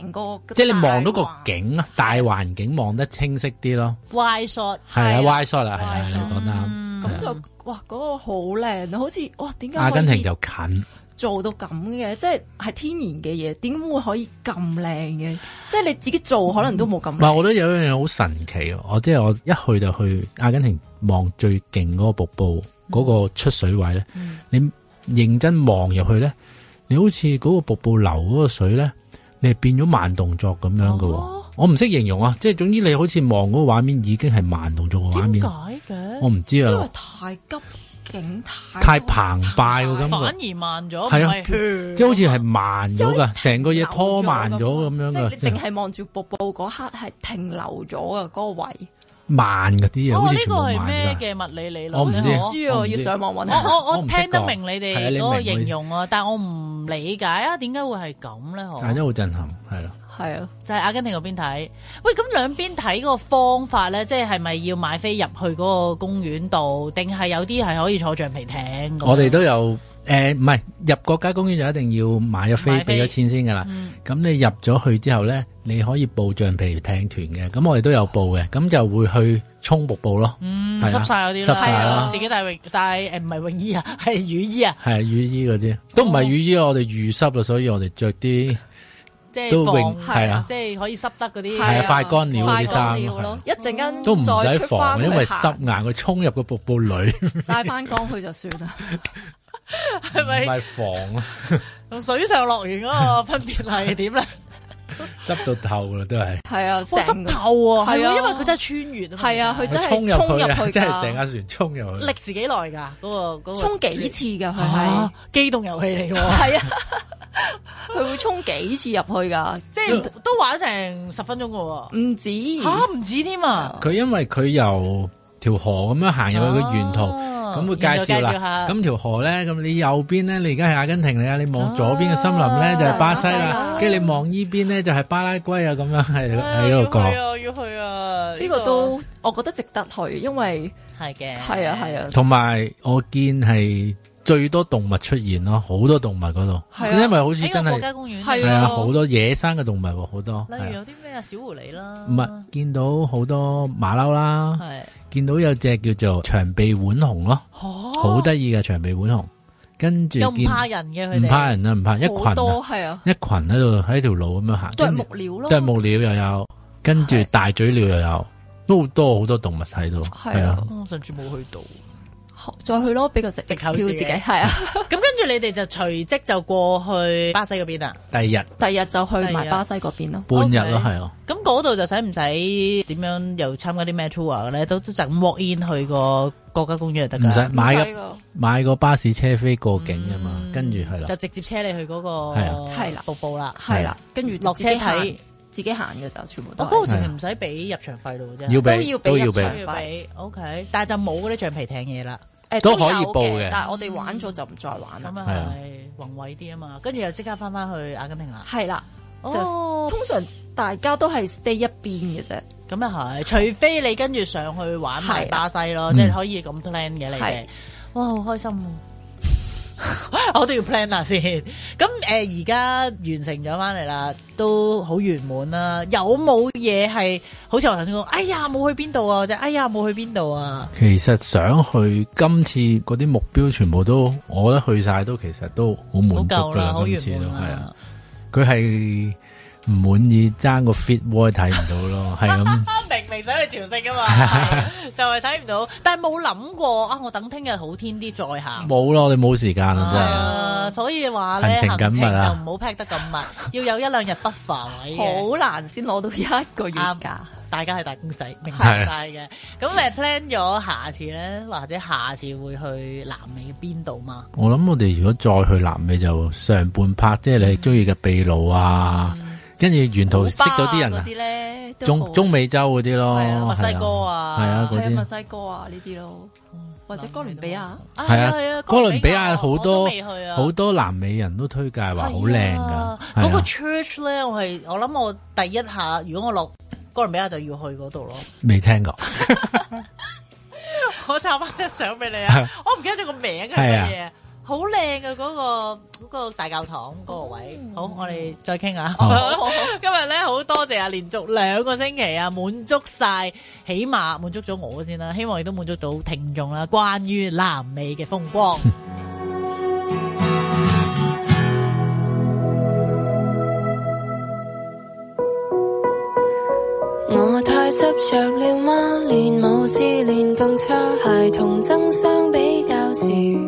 S4: 成個即
S5: 係你望到個景啦，大環境望得清晰啲咯。
S4: wide shot 係啊 wide shot
S5: 啦，係啊，你講得啱，
S4: 咁就哇，嗰個好靚啊，好似哇，點解阿根廷就近做到咁嘅？即係係天然嘅嘢，點會可以咁靚嘅？即係你自己做，可能都冇咁靚。唔係，
S5: 我覺得有一樣嘢好神奇。我即係我一去就去阿根廷望最勁嗰個瀑布。嗰個出水位咧，嗯、你認真望入去咧，你好似嗰個瀑布流嗰個水咧，你係變咗慢動作咁樣噶。哦、我唔識形容啊，即係總之你好似望嗰個畫面已經係慢動作嘅畫面。點解嘅？我唔知啊。因為太急
S1: 景太
S4: 太
S5: 澎湃個感覺，反而
S1: 慢咗。
S4: 係啊，如即係好似
S5: 係慢咗噶，成個嘢拖慢咗咁樣噶。啊、即係你淨係
S4: 望住瀑布嗰刻係停留咗噶
S1: 嗰個位。
S5: 慢嗰啲嘢好 slow 嘅，我呢個係咩
S1: 嘅物理理
S4: 論？我唔知。書要上
S5: 網揾下。 我我我聽得明你哋嗰個形容
S1: 啊，但係我唔理解啊，點解會係咁咧？係咪？但好
S5: 震撼，係咯。
S1: 係 是啊，就係阿根廷嗰邊睇。喂，咁兩邊睇嗰個方法咧，即係係咪要買飛入去嗰個公園度，定係有啲係可以坐橡皮艇？ 我哋都
S5: 有。誒，唔係入國家公園就一定要買咗飛，俾咗錢先噶啦。咁你入咗去之後咧，你可以報橡皮艇團嘅。咁我哋都有報嘅，咁就會去沖瀑布咯。嗯，濕晒嗰啲啦，係啊，自己
S1: 帶泳但係誒，唔係泳衣啊，係雨衣啊，
S5: 係雨衣嗰啲，都唔係雨衣，我哋預濕啦，所以我哋着啲即係都泳係啊，即係
S1: 可以濕得嗰啲
S5: 係啊，快乾料嗰啲衫一陣間
S4: 都唔使防，因為濕
S5: 硬佢沖入個瀑布裏，
S4: 曬翻乾去就算啦。係咪房同水上樂園嗰個
S1: 分別係點咧？
S5: 執到透啦，都係
S4: 係啊，我濕透啊，係啊，因為佢
S1: 真係穿越啊，係啊，佢
S4: 真係衝入去，即係成架
S5: 船衝入去。歷
S1: 時幾耐噶？嗰個
S4: 嗰個衝幾次噶？係咪機動遊戲嚟？係啊，佢會衝幾次入去噶？即係都玩成十分鐘噶？唔止吓，唔止
S1: 添啊！
S5: 佢因為佢由條河咁樣行入去嘅沿途。咁會介紹啦，咁條河咧，咁你右邊咧，你而家係阿根廷嚟啊，你望左邊嘅森林咧就係巴西啦，跟住你望依邊咧就係巴拉圭啊，咁樣係喺嗰度講。要去啊，要
S4: 去啊，呢個都我覺得值得去，因為係嘅，係啊係啊，
S5: 同埋我見係。最多動物出現咯，好多動物嗰度，因為好似真係
S4: 國
S6: 家公園，係啊，好多野
S5: 生嘅動物，好多。例如有啲咩
S6: 啊，小狐狸啦，
S5: 唔係見到好多馬騮啦，係見到有隻叫做長臂浣熊咯，好得意嘅長臂浣熊，跟住又唔怕人嘅佢哋，唔怕人啊，唔怕，一群啊，一群喺度喺條路咁樣行，都係木鳥咯，即係木鳥又有，跟住大嘴鳥又有，都好多好多動物喺度，係啊，我
S4: 甚至冇去到。
S1: 再去咯，俾個直直票自己，係啊。咁跟住你哋就隨即就過去巴西嗰邊啊。
S5: 第二日，
S1: 第二日就去埋巴西嗰邊咯，
S5: 半日咯，係咯。
S1: 咁嗰度就使唔使點樣又參加啲咩 tour 咧？都就咁 walk in 去個國家公園就得噶啦。唔使買個，
S5: 買個巴士車飛過境噶嘛，跟住係啦，就
S1: 直接車你去嗰個係啦，瀑布啦，係啦，跟住落車睇自己行嘅就全部。都。嗰度全程唔使俾入場費咯，真係都要俾入場費。OK，但係就冇嗰啲橡皮艇嘢啦。呃、都可以報嘅，嗯、但係我哋玩咗就唔再玩啦。咁啊、
S5: 嗯，係、
S1: 嗯嗯嗯、宏偉啲啊嘛，跟住又即刻翻翻去阿根廷啦。係啦，就、oh, 通常大家都係 stay 一邊嘅啫。咁啊係，嗯嗯、除非你跟住上去玩埋巴西咯，即係可以咁 plan 嘅你。哇，好開心啊！ 我都要 plan 下先，咁誒而家完成咗翻嚟啦，都好圓滿啦。有冇嘢係好似我頭先講？哎呀，冇去邊度啊，或者哎呀，冇去邊度啊？
S5: 其實想去今次嗰啲目標全部都，我覺得去晒都其實都好滿足噶啦，好圓滿係啊。佢係唔滿意爭個 fit wear 睇唔到咯，係咁。
S1: 想去朝聖啊嘛， 就係睇唔到，但係冇諗過啊！我等聽日好天啲再行，
S5: 冇咯，你冇時間啊，真係、啊。
S1: 所以話咧，行程，啊、行程就唔好 pack 得咁密， 要有一兩日不煩位好 難先攞到一個月，價、啊。大家係大公仔，明晒嘅。咁你的 plan 咗下次咧，或者下次會去南美邊度嘛？
S5: 我諗我哋如果再去南美就，就上半 part，即係你中意嘅秘魯啊。嗯跟住沿途識到啲人啊，中中美洲嗰啲咯，墨西哥啊，係啊墨西
S4: 哥啊呢啲咯，或者哥倫比亞，
S5: 係啊係啊，哥倫比亞好多未去啊，好多南美人都推介話好靚噶，嗰個
S1: church 咧，我係我諗我第一下，如果我落哥倫比亞就要去嗰度咯，
S5: 未聽過，
S1: 我插翻
S5: 張相俾你啊，我
S1: 唔記得咗個名係咩嘢。好靚嘅嗰個嗰個大教堂嗰個位，好，我哋再傾下。今日咧好多謝啊，連續兩個星期啊，滿足晒，起碼滿足咗我先啦，希望亦都滿足到聽眾啦，關於南美嘅風光。
S6: 我太執著了嗎？連無思念更差，孩童爭相比較時。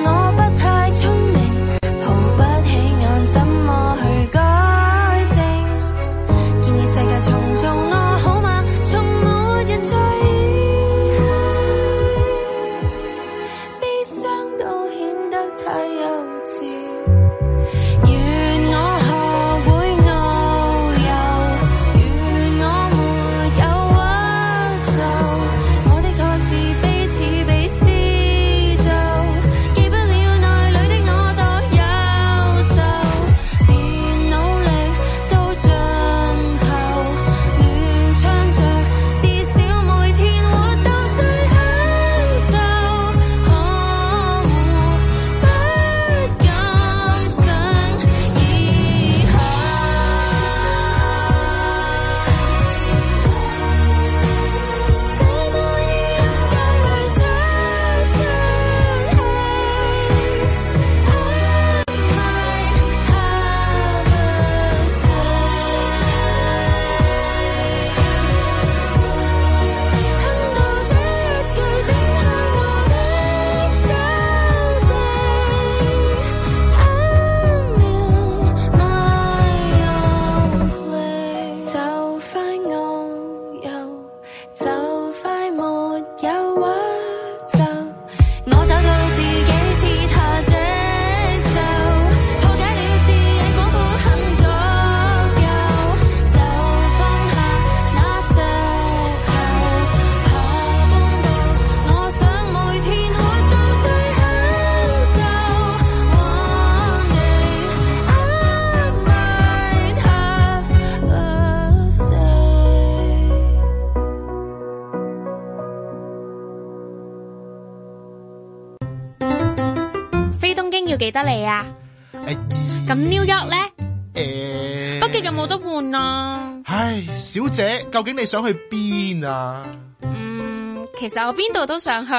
S5: 小姐，究竟你
S3: 想去邊啊？嗯，
S4: 其實我邊度都想去。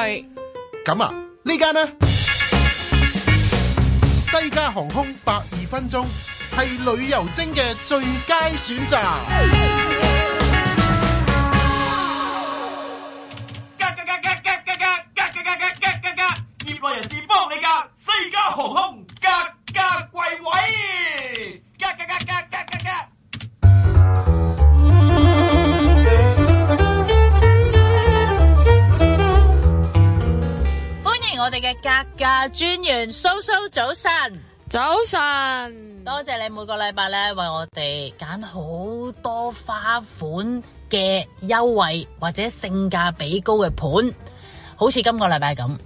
S4: 咁啊，呢間呢， 西加航空百二分鐘，
S3: 係旅遊精嘅最佳選擇。
S1: 蘇蘇、so so, 早晨，早晨上，多謝你每個禮拜咧為我哋揀好多花款嘅優惠或者性價比高嘅盤，好似今個禮拜咁，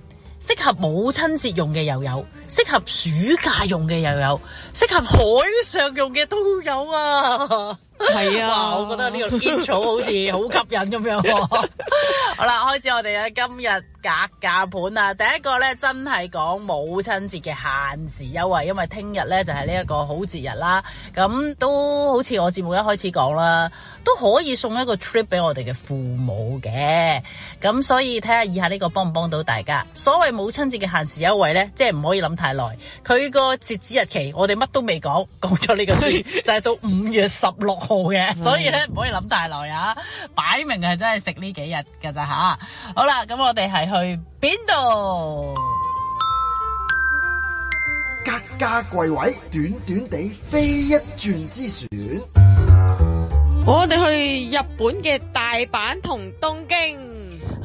S1: 適合母親節用嘅又有，適合暑假用嘅又有，適合海上用嘅都有啊。 係是啊，我覺得呢個 intro 好似好吸引咁樣。 好啦，開始我哋嘅今日格價盤啦。第一個呢，真係講母親節嘅限時優惠，因為聽日呢就係呢一個好節日啦。咁都好似我節目一開始講啦，都可以送一個 trip 俾我哋嘅父母嘅。咁所以睇下以下呢個幫唔幫到大家。所謂母親節嘅限時優惠呢，即係唔可以諗太耐。佢個截止日期我哋乜都未講，講咗呢個先， 就係到五月十六。嘅，嗯、所以咧唔可以諗太耐啊！擺明係真係食呢幾日㗎咋吓。好啦，咁我哋係去邊度？
S7: 格價貴位，短短地飛一轉之選。我哋去日本嘅大阪同東京。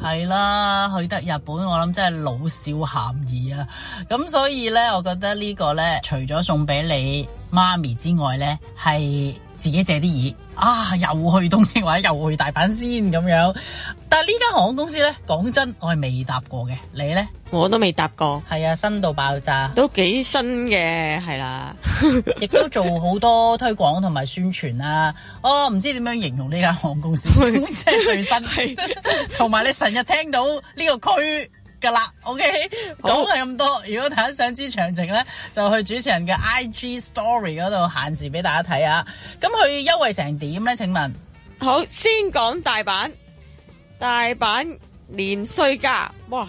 S7: 係啦，去得日本，我諗真係老
S1: 少咸宜啊。咁所以咧，我覺得個呢個咧，除咗送俾你媽咪之外咧，係。自己借啲耳啊，又去東京或者又去大阪先咁樣。但係呢間航空公司咧，講真我係未搭過嘅。
S7: 你咧？我都未搭過。係啊，新到爆炸，都幾新嘅係啦，亦、啊、
S1: 都做好多推廣同埋宣傳啦、啊。哦，唔知點樣形容呢間航空公司，真係 最新。同埋 你成日聽到呢個區。噶啦，OK，講咗咁多。如果大家想知詳情咧，就去主持人嘅 IG Story 嗰
S7: 度限時俾大家睇下。咁佢優惠成點咧？請問，好先講大阪，大阪連稅價，哇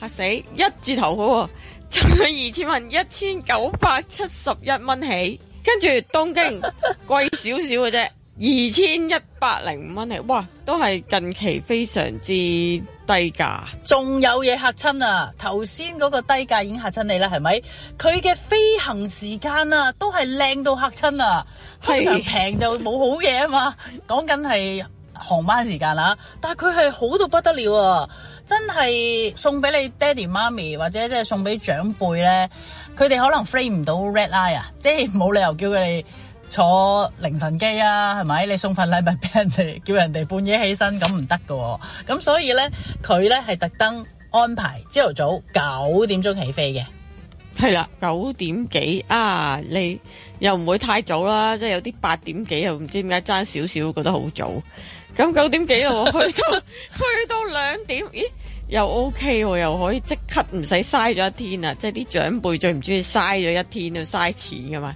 S7: 吓死，一字頭嘅、啊，就佢二千蚊，一千九百七十一蚊起，跟住東京貴少少嘅啫。 二千一百零五蚊嚟，2, 哇，都係近期非常之低價。仲有嘢，吓親啊！頭
S1: 先嗰個低價已經吓親你啦，係咪？佢嘅飛行時間啊，都係靚到吓親啊！通常平就冇好嘢啊嘛。講緊係航班時間啦，啊，但係佢係好到不得了啊！真係送俾你爹哋媽咪或者即係送俾長輩咧，佢哋可能飛唔到 red eye 啊，即係冇理由叫佢哋。坐凌晨機啊，係咪？你送份禮物俾人哋，叫人哋半夜起身咁唔得噶喎。咁、哦、所以咧，佢咧係特登安排朝頭早九點鐘起飛嘅。
S7: 係啦，九點幾啊？你又唔會太早啦，即係有啲八點幾又唔知點解爭少少，覺得好早。咁九點幾我去到 去到兩點？咦，又 OK 喎、啊，又可以即刻唔使嘥咗一天啊！即係啲長輩最唔中意嘥咗一天，嘥錢噶嘛。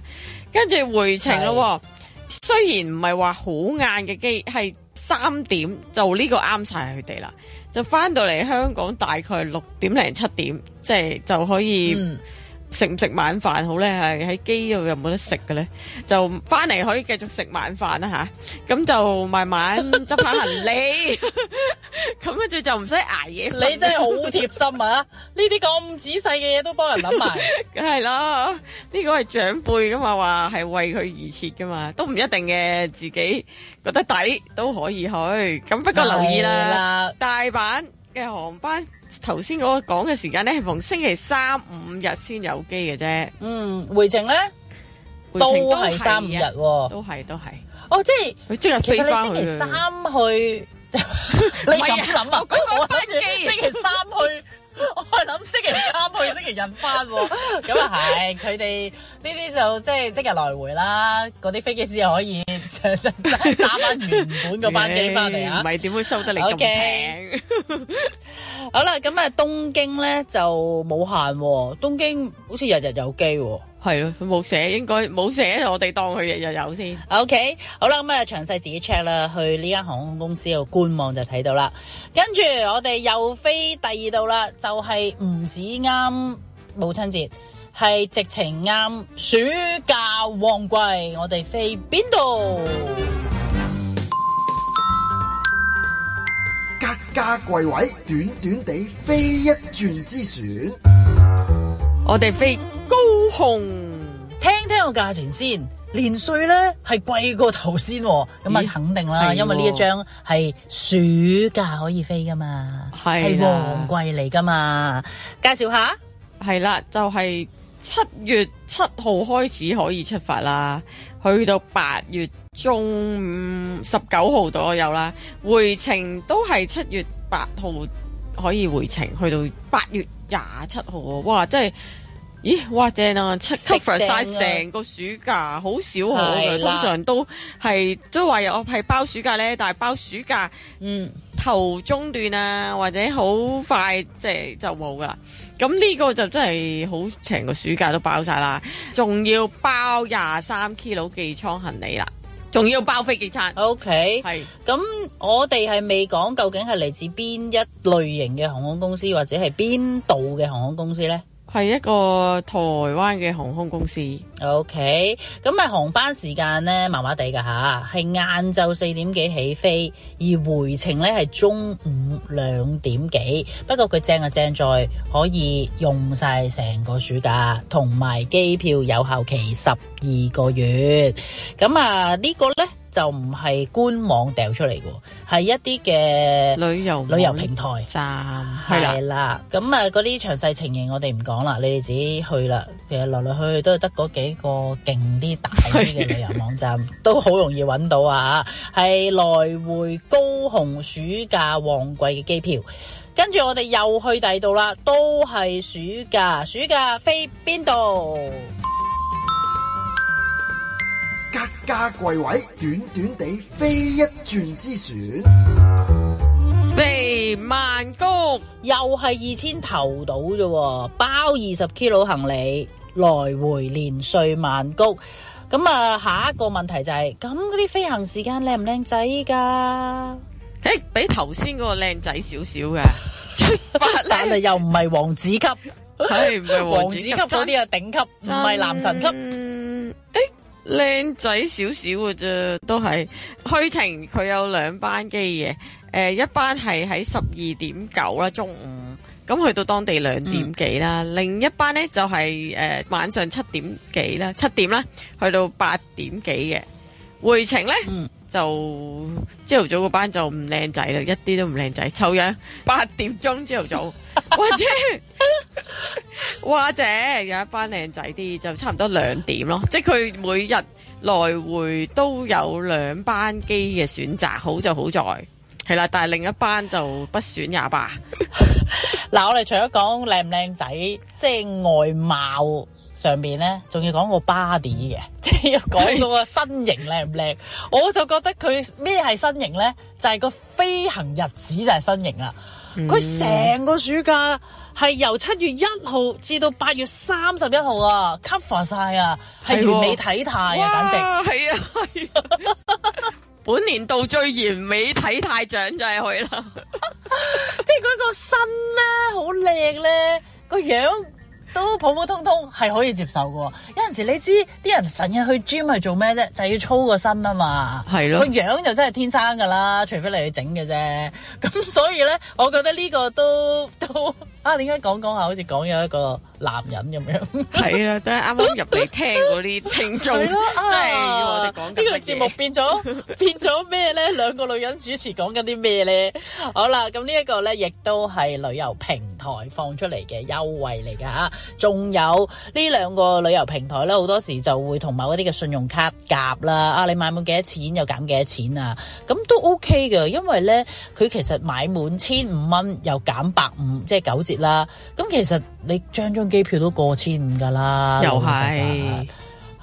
S7: 跟住回程咯，是雖然唔係話好晏嘅機，係三點就呢個啱晒佢哋啦，就翻到嚟香港大概六點零七點，即係就可以。嗯食唔食晚飯好咧？係喺機度又冇得食嘅，咧？就翻嚟，可以繼續食晚飯啦吓，咁就慢慢執翻行李，咁跟住就就唔使挨夜。你真係好貼心啊！呢啲咁仔細嘅嘢都幫人諗埋，梗係啦。呢個係長輩噶嘛，話係為佢而設噶嘛，都唔一定嘅。自己覺得抵都可以去，咁不過留意啦，大阪。嘅航班頭先嗰個講嘅時間咧，逢星期三五日先有機嘅啫。嗯，回程咧，都係三五日，都係都係。哦，即係，即係，其實星期三
S1: 去，你咁諗啊，嗰個班機星期三去。我係諗星期三去，星期日翻，啊，咁啊係，佢哋呢啲就即係即，即日來回啦，嗰啲飛機師又可以打翻原
S7: 本個班機翻嚟，啊，唔係點會收得你咁平？Okay.
S1: 好啦，咁啊東京咧就冇限、啊，東京好似日日有機，啊。係咯，冇寫，應該冇寫，我哋當佢日日有先。O、okay, K，好啦，咁、嗯、啊詳細自己 check 啦，去呢間航空公司個官網就睇到啦。跟住我哋又飛第二度啦，就係、是、唔止啱母親節，係直情啱暑假旺季，我哋飛邊度？
S4: 格價貴位，短短地飛一轉之選。
S1: 我哋飛。高雄，聽聽個價錢先，年稅呢係貴過頭先、哦，咁啊肯定啦，因為呢一張係暑假可以飛噶嘛，係的旺季嚟噶嘛。
S7: 介紹下，係啦，就係、是、七月七號開始可以出發啦，去到八月中十九號左右啦，回程都係七月八號可以回程，去到八月廿七號啊，哇，真係。咦，哇正啊七 o 成個暑假，的少好少可嘅，的通常都係都話有係包暑假咧，但係包暑假，暑假嗯，頭中段啊，或者好快即係就冇噶啦。咁呢個就真係好成個暑假都包晒啦，仲要包廿三 kilo 寄艙行李啦，仲要包飛機餐。O K，係咁，我哋
S1: 係未講究竟係嚟自邊一類型嘅航空公司，或者係邊度嘅航空公司咧？係一個
S7: 台灣嘅航空公
S1: 司。OK，咁啊航班時間呢，麻麻地㗎吓，係晏晝四點幾起飛，而回程呢係中午兩點幾。不過佢正啊正在，可以用晒成個暑假，同埋機票有效期十。二個月，咁啊呢、呢個呢，就唔係官網掉出嚟嘅，係一啲嘅旅遊遊旅遊平台，係啦站。咁的、嗯、啊嗰啲詳細情形我哋唔講啦，你哋自己去啦。其實來來去去都係得嗰幾個勁啲大啲嘅旅遊網站，是的 都好容易揾到啊。係來回高雄暑假旺季嘅機票，跟住我哋又去第二度啦，都係暑假，暑假飛邊度？家價貴位，短短地飛一轉之船。飛曼谷又係二千頭到啫，包二十 kilo 行李來回連稅曼谷。咁啊，下一個問題就係、是，咁嗰啲飛行時間靚唔靚仔噶？誒、
S7: 欸，比頭先嗰個靚仔少少噶，但
S1: 係又唔係王子級，係
S7: 王子級嗰啲啊，頂 級,級，唔係真男神級。誒、嗯。欸靚仔少少嘅啫，都係去程佢有兩班機嘅，誒、呃、一班係喺十二點九啦，中午咁去、嗯、到當地兩點幾啦，嗯、另一班呢就係、是、誒、呃、晚上七點幾啦，七點啦去到八點幾嘅。回程呢？嗯就朝頭早嗰班就唔靚仔啦，一啲都唔靚仔，臭樣。八點鐘朝頭早，或者，或者有一班靚仔啲，就差唔多兩點咯。即係佢每日來回都有兩班機嘅選擇，好就好在係啦，但係另一班就不選也罷。
S1: 嗱， 我哋除咗講靚唔靚仔，即係外貌。上面咧，仲要講個 body 嘅，即係要講到啊身形靚唔靚？ 我就覺得佢咩係身形咧，就係、是、個飛行日子就係身形啦。佢成、嗯、個暑假係由七月一號至到八月三十一號啊，cover 晒啊，係、哦、完美體態啊，簡直
S7: 係啊！啊啊 本年度最完美體態獎就係佢啦， 即係佢個身咧好靚咧，個
S1: 樣。都普普通通係可以接受嘅，有陣時你知啲人成日去 gym 係做咩啫？就係、要操個身啊嘛，係咯的，個樣就真係天生噶啦，除非你去整嘅啫。咁所以咧，我覺得呢個都。 啊，點解講講下好似講
S7: 有一個男人咁樣？ 係啊，都係啱啱入嚟聽嗰啲聽眾，真係要我哋講。呢個節目變咗
S1: 變咗咩咧？兩個女人主持講緊啲咩咧？好啦，咁呢一個咧，亦都係旅遊平台放出嚟嘅優惠嚟噶吓。仲有呢兩個旅遊平台咧，好多時就會同某一啲嘅信用卡夾啦。啊，你買滿幾多錢又減幾多錢啊？咁都 OK 嘅，因為咧佢其實買滿千五蚊又減百五。即係九折啦，咁其實你張張機票都過千五噶啦，又係是。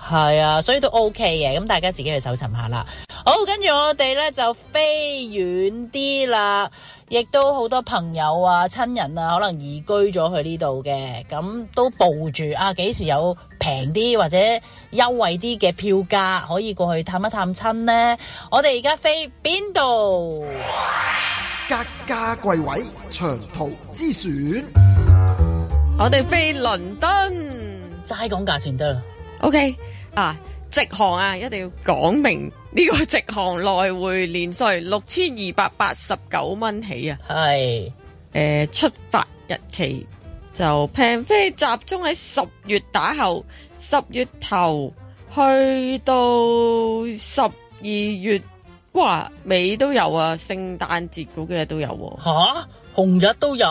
S1: 係啊，所以都 OK 嘅，咁大家自己去搜尋下啦。好，跟住我哋呢就飛遠啲啦，亦都好多朋友啊、親人啊，可能移居咗去呢度嘅，咁、嗯、都報住啊，幾時有平啲或者優惠啲嘅票價可以過去探一探親呢。我哋而家飛邊度？
S4: 格價貴位長途之選，
S7: 我哋飛倫敦，齋講價錢得啦。OK。啊！直航啊，一定要講明呢，這個直航來回連稅六千二百八十九蚊起啊！係誒是、呃，出發日期就平飛，集中喺十月打後，十月頭去到十二月哇尾都有啊，聖誕節嗰幾日都有、啊。吓！紅日都有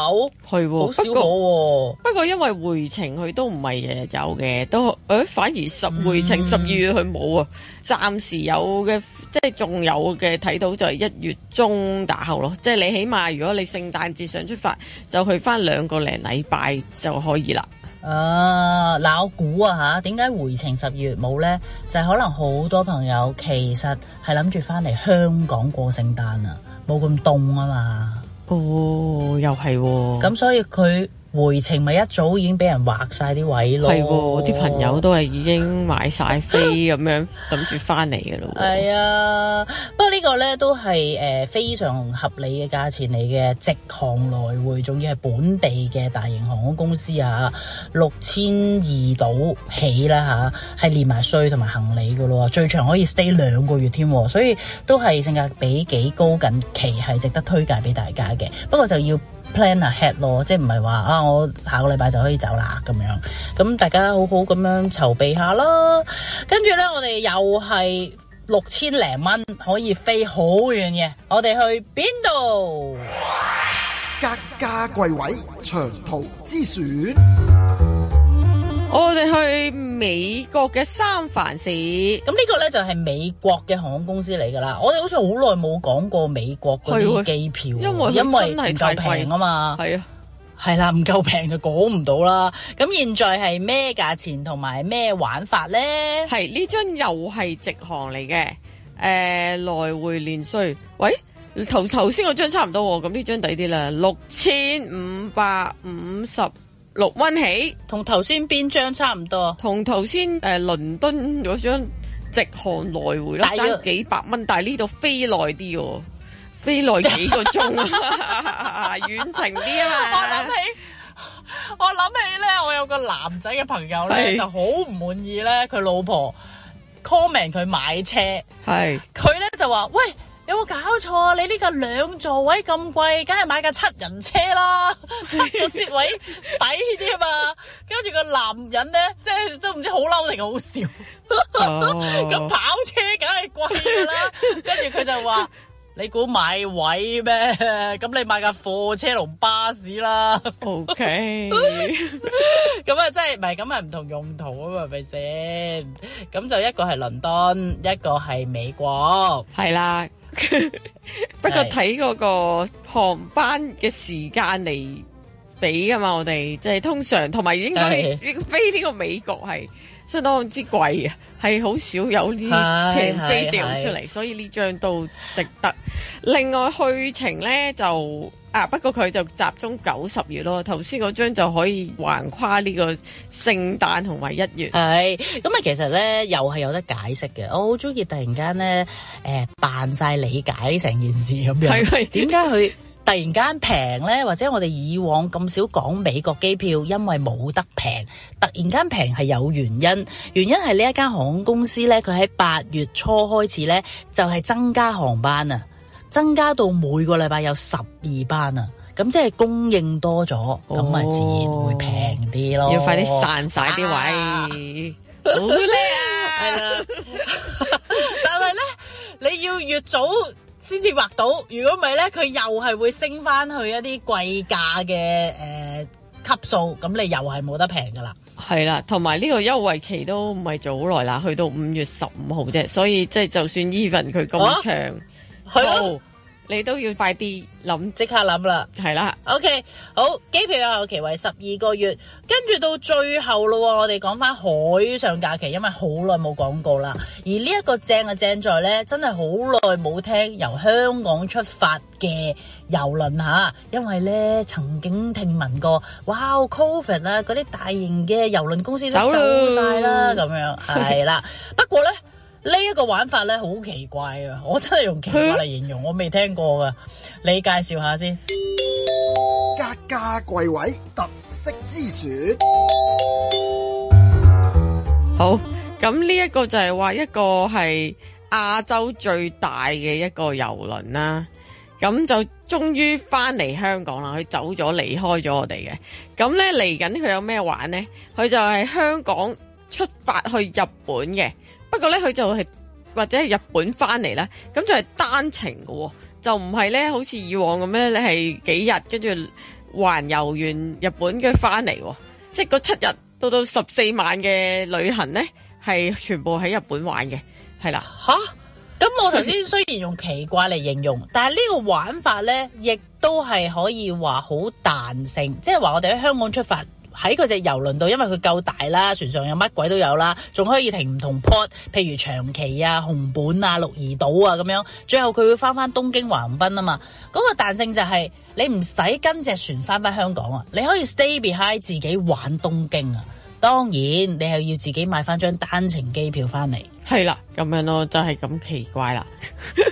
S7: 係喎，的好少不過 不過因為回程佢都唔係日日有嘅，都誒、呃、反而十回程十二月佢冇啊。暫、嗯、時有嘅即係仲有嘅睇到就係一月中打後咯，即係你起碼如果你聖誕節想出發就去翻兩個零禮拜就可以啦。
S1: 啊，嗱、啊，我估啊吓，點解回程十二月冇呢？就係，可能好多朋友其實係諗住翻嚟香港過聖誕啊，冇咁凍啊嘛。
S7: 哦，又係、哦，咁、嗯嗯、
S1: 所以佢。回程咪一早
S7: 已經俾人劃晒啲位咯，係喎，啲朋友都係已經買晒飛咁樣，諗住翻嚟嘅咯。係
S1: 啊，不過呢個咧都係誒非常合理嘅價錢嚟嘅，直航來回仲要係本地嘅大型航空公司啊，六千二度起啦吓，係、啊、連埋稅同埋行李嘅咯，最長可以 stay 兩個月添，所以都係性價比幾高，近期係值得推介俾大家嘅。不過就要。plan ahead 咯，即係唔係話啊，我下個禮拜就可以走啦咁樣，咁大家好好咁樣籌備下啦，跟住呢，我哋又係六千零蚊可以飛好遠嘅，我哋去邊度？
S4: 格價貴位，長途之選。
S7: 我哋去美國嘅三藩市，
S1: 咁呢個咧就係美國嘅航空公司嚟噶啦。我哋好似好耐冇講過美國嘅機票，因為唔夠平啊嘛。係啊的，係啦，唔夠平就講唔到啦。
S7: 咁現在係咩價錢同埋咩玩法咧？係，呢張又係直航嚟嘅，誒來回連稅。喂，頭頭先嗰張差唔多，咁呢張抵啲啦，六千五百五十。六蚊起，同頭先邊張差唔多，同頭先誒倫敦嗰張直航來回啦，差幾百蚊。概但係呢度飛耐啲喎，概飛耐幾個鐘啊，遠程啲啊嘛。我諗起，我諗起
S1: 咧，我有個男仔嘅朋友咧是就好唔滿意咧，佢老婆 comment 佢買車係佢咧就話喂。有冇搞錯啊？你呢個兩座位咁貴，梗係買架七人車啦，七個 seat 位抵啲啊嘛。跟住 個男人咧，即係都唔知好嬲，定好笑。咁、oh. 跑車梗係貴噶啦。跟住佢就話：你估買位咩？咁你買架貨車同巴士啦。O K，咁啊，即係唔係咁係唔同用途啊嘛？係咪先？咁就一個係倫敦，一個係美國，
S7: 係啦。 不過睇嗰個航班嘅時間嚟畀㗎嘛，我哋即係通常同埋應該飛呢個美國係。相當之貴啊，係好少有呢啲平飛調出嚟，是是是所以呢張都值得。另外去程咧就啊，不過佢就集中九十月咯。頭先嗰張就可以橫跨呢個聖誕同埋一月。係咁啊，其實咧又係有得解釋
S1: 嘅。我好中意突然間咧誒扮晒理解成件事咁樣，點解佢？ 突然間平呢？或者我哋以往咁少講美國機票，因為冇得平。突然間平係有原因，原因係呢一間航空公司呢，佢喺八月初開始呢，就係、是、增加航班啊，增加到每個禮拜有十二班啊。咁即係供應多咗，咁啊、哦、自然會平啲咯。要快啲散晒啲位，好叻啊！ 但係呢，你要越早。先至畫到，如果唔係咧，佢又係會升翻去一啲貴價嘅誒級數，咁你又係冇得平噶啦。
S7: 係啦、啊，同埋呢個優惠期都唔係做好耐啦，去到五月十五號啫，所以即係就算 even 佢咁長，
S1: 係啊。都你都要快啲諗，即刻諗啦，係啦的。OK，好，機票有效期為十二個月，跟住到最後咯，我哋講翻海上假期，因為好耐冇講過啦。而呢一個正嘅正在呢，真係好耐冇聽由香港出發嘅郵輪吓，因為呢曾經聽聞過，哇，Covid 啊，嗰啲大型嘅郵輪公司都走晒啦，咁了樣係啦。 不過呢。呢一個玩法咧，好奇怪啊！我真係用奇怪嚟形容，我未聽過噶。你介紹下先。
S7: 家家貴位特色之選。好，咁呢一個就係話一個係亞洲最大嘅一個遊輪啦。咁就終於翻嚟香港啦，佢走咗離開咗我哋嘅。咁咧，嚟緊佢有咩玩呢？佢就係香港出發去日本嘅。不過咧，就是，佢就係或者係日本翻嚟咧，咁就係單程嘅，就唔係咧，好似以往咁你係幾日跟住環遊完日本跟翻嚟，即係嗰七日到到十四晚嘅旅行咧，係全部喺日本玩嘅，係啦。吓？
S1: 咁我頭先雖然用奇怪嚟形容，是但係呢個玩法咧，亦都係可以話好彈性，即係話我哋喺香港出發。喺佢隻遊輪度，因為佢夠大啦，船上有乜鬼都有啦，仲可以停唔同 port，譬如長崎啊、熊本啊、鹿兒島啊咁樣。最後佢會翻翻東京橫濱啊嘛。嗰個彈性就係你唔使跟隻船翻翻香港啊，你可以 stay behind 自己玩東京啊。當然，你係要自己買翻張單程機票翻嚟。
S7: 係啦，咁樣咯，就係、是、咁奇怪啦，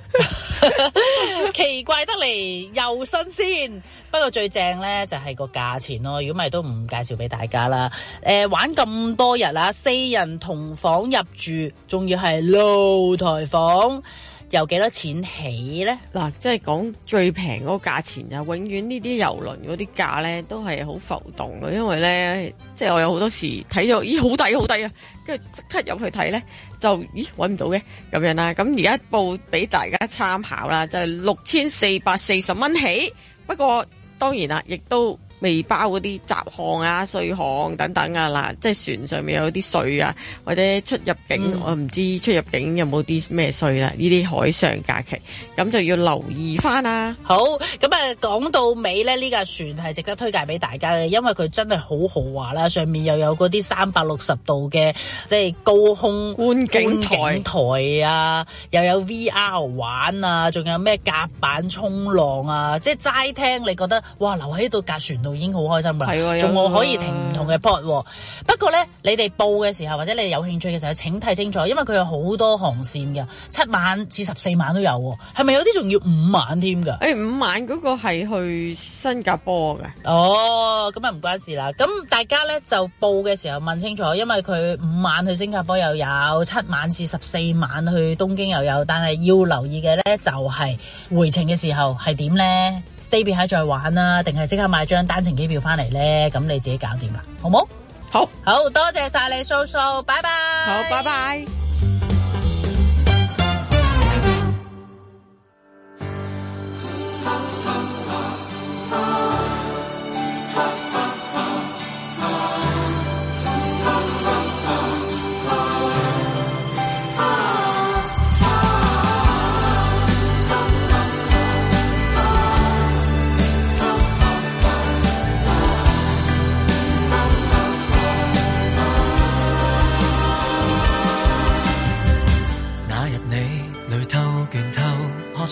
S1: 奇怪得嚟又新鮮。不過最正呢就係、是、個價錢咯，如果唔係都唔介紹俾大家啦、呃。玩咁多日啦，四人同房入住，仲要係露
S7: 台房。由幾多錢起咧？嗱、啊，即係講最平嗰個價錢啊！永遠呢啲遊輪嗰啲價咧都係好浮動嘅，因為咧即係我有好多時睇咗，咦好抵好抵啊！跟住即刻入去睇咧，就咦揾唔到嘅咁樣啦。咁而家報俾大家參考啦，就係六千四百四十蚊起。不過當然啦，亦都。未包嗰啲雜項啊、稅項等等啊啦，即係船上面有啲稅啊，或者出入境，嗯、我唔知出入境有冇啲咩稅啦。呢啲海上假期咁就要留意翻啦、啊。好，
S1: 咁啊講到尾咧，呢架船係值得推介俾大家嘅，因為佢真係好豪華啦，上面又有嗰啲三百六十度嘅即係高空觀景，觀景台啊，又有 VR 玩啊，仲有咩夾板衝浪啊，即係齋聽你覺得哇，留喺度架船咯～已經好開心喇，仲、啊、可以停唔同嘅 port、啊。不過呢，你哋報嘅時候或者你哋有興趣嘅時候，請睇清楚，因為佢有好多航線噶，七晚至十四晚都有、啊，係咪有啲仲要五晚添噶？誒、欸，五晚嗰個係去新加坡嘅。哦，咁啊唔關事啦。咁大家呢，就報嘅時候問清楚，因為佢五晚去新加坡又有，七晚至十四晚去東京又有。但係要留意嘅呢，就係、是、回程嘅時候係點呢？Baby 喺度玩啦，定係即刻買張單程機票翻嚟咧？咁你自己搞掂啦，好冇？好，好，好多謝晒你 so so, bye bye，素素，拜拜。好，拜拜。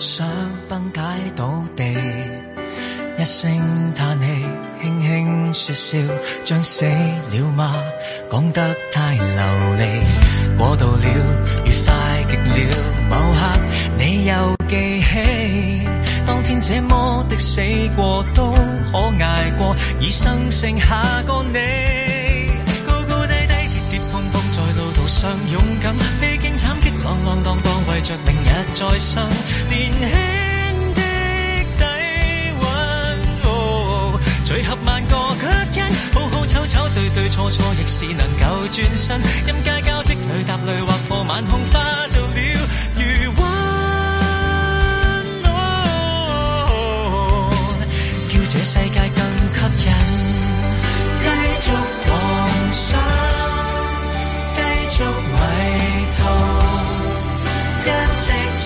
S2: 想崩解倒地，一聲嘆氣，輕輕說笑，將死了嗎？講得太流利，過度了，越快極了。某刻你又記起，當天這麼的死過都可捱過，已生剩下個你，高高低低跌跌碰碰在路途上勇敢。浪浪蕩蕩為着明日再生，年輕的底蘊，哦，最合萬個腳印，好好醜醜對對錯錯，亦是能夠轉身。陰街交織裏踏淚劃破晚空，化作了餘溫。哦，叫這世界更吸引，繼續狂想，繼續迷途。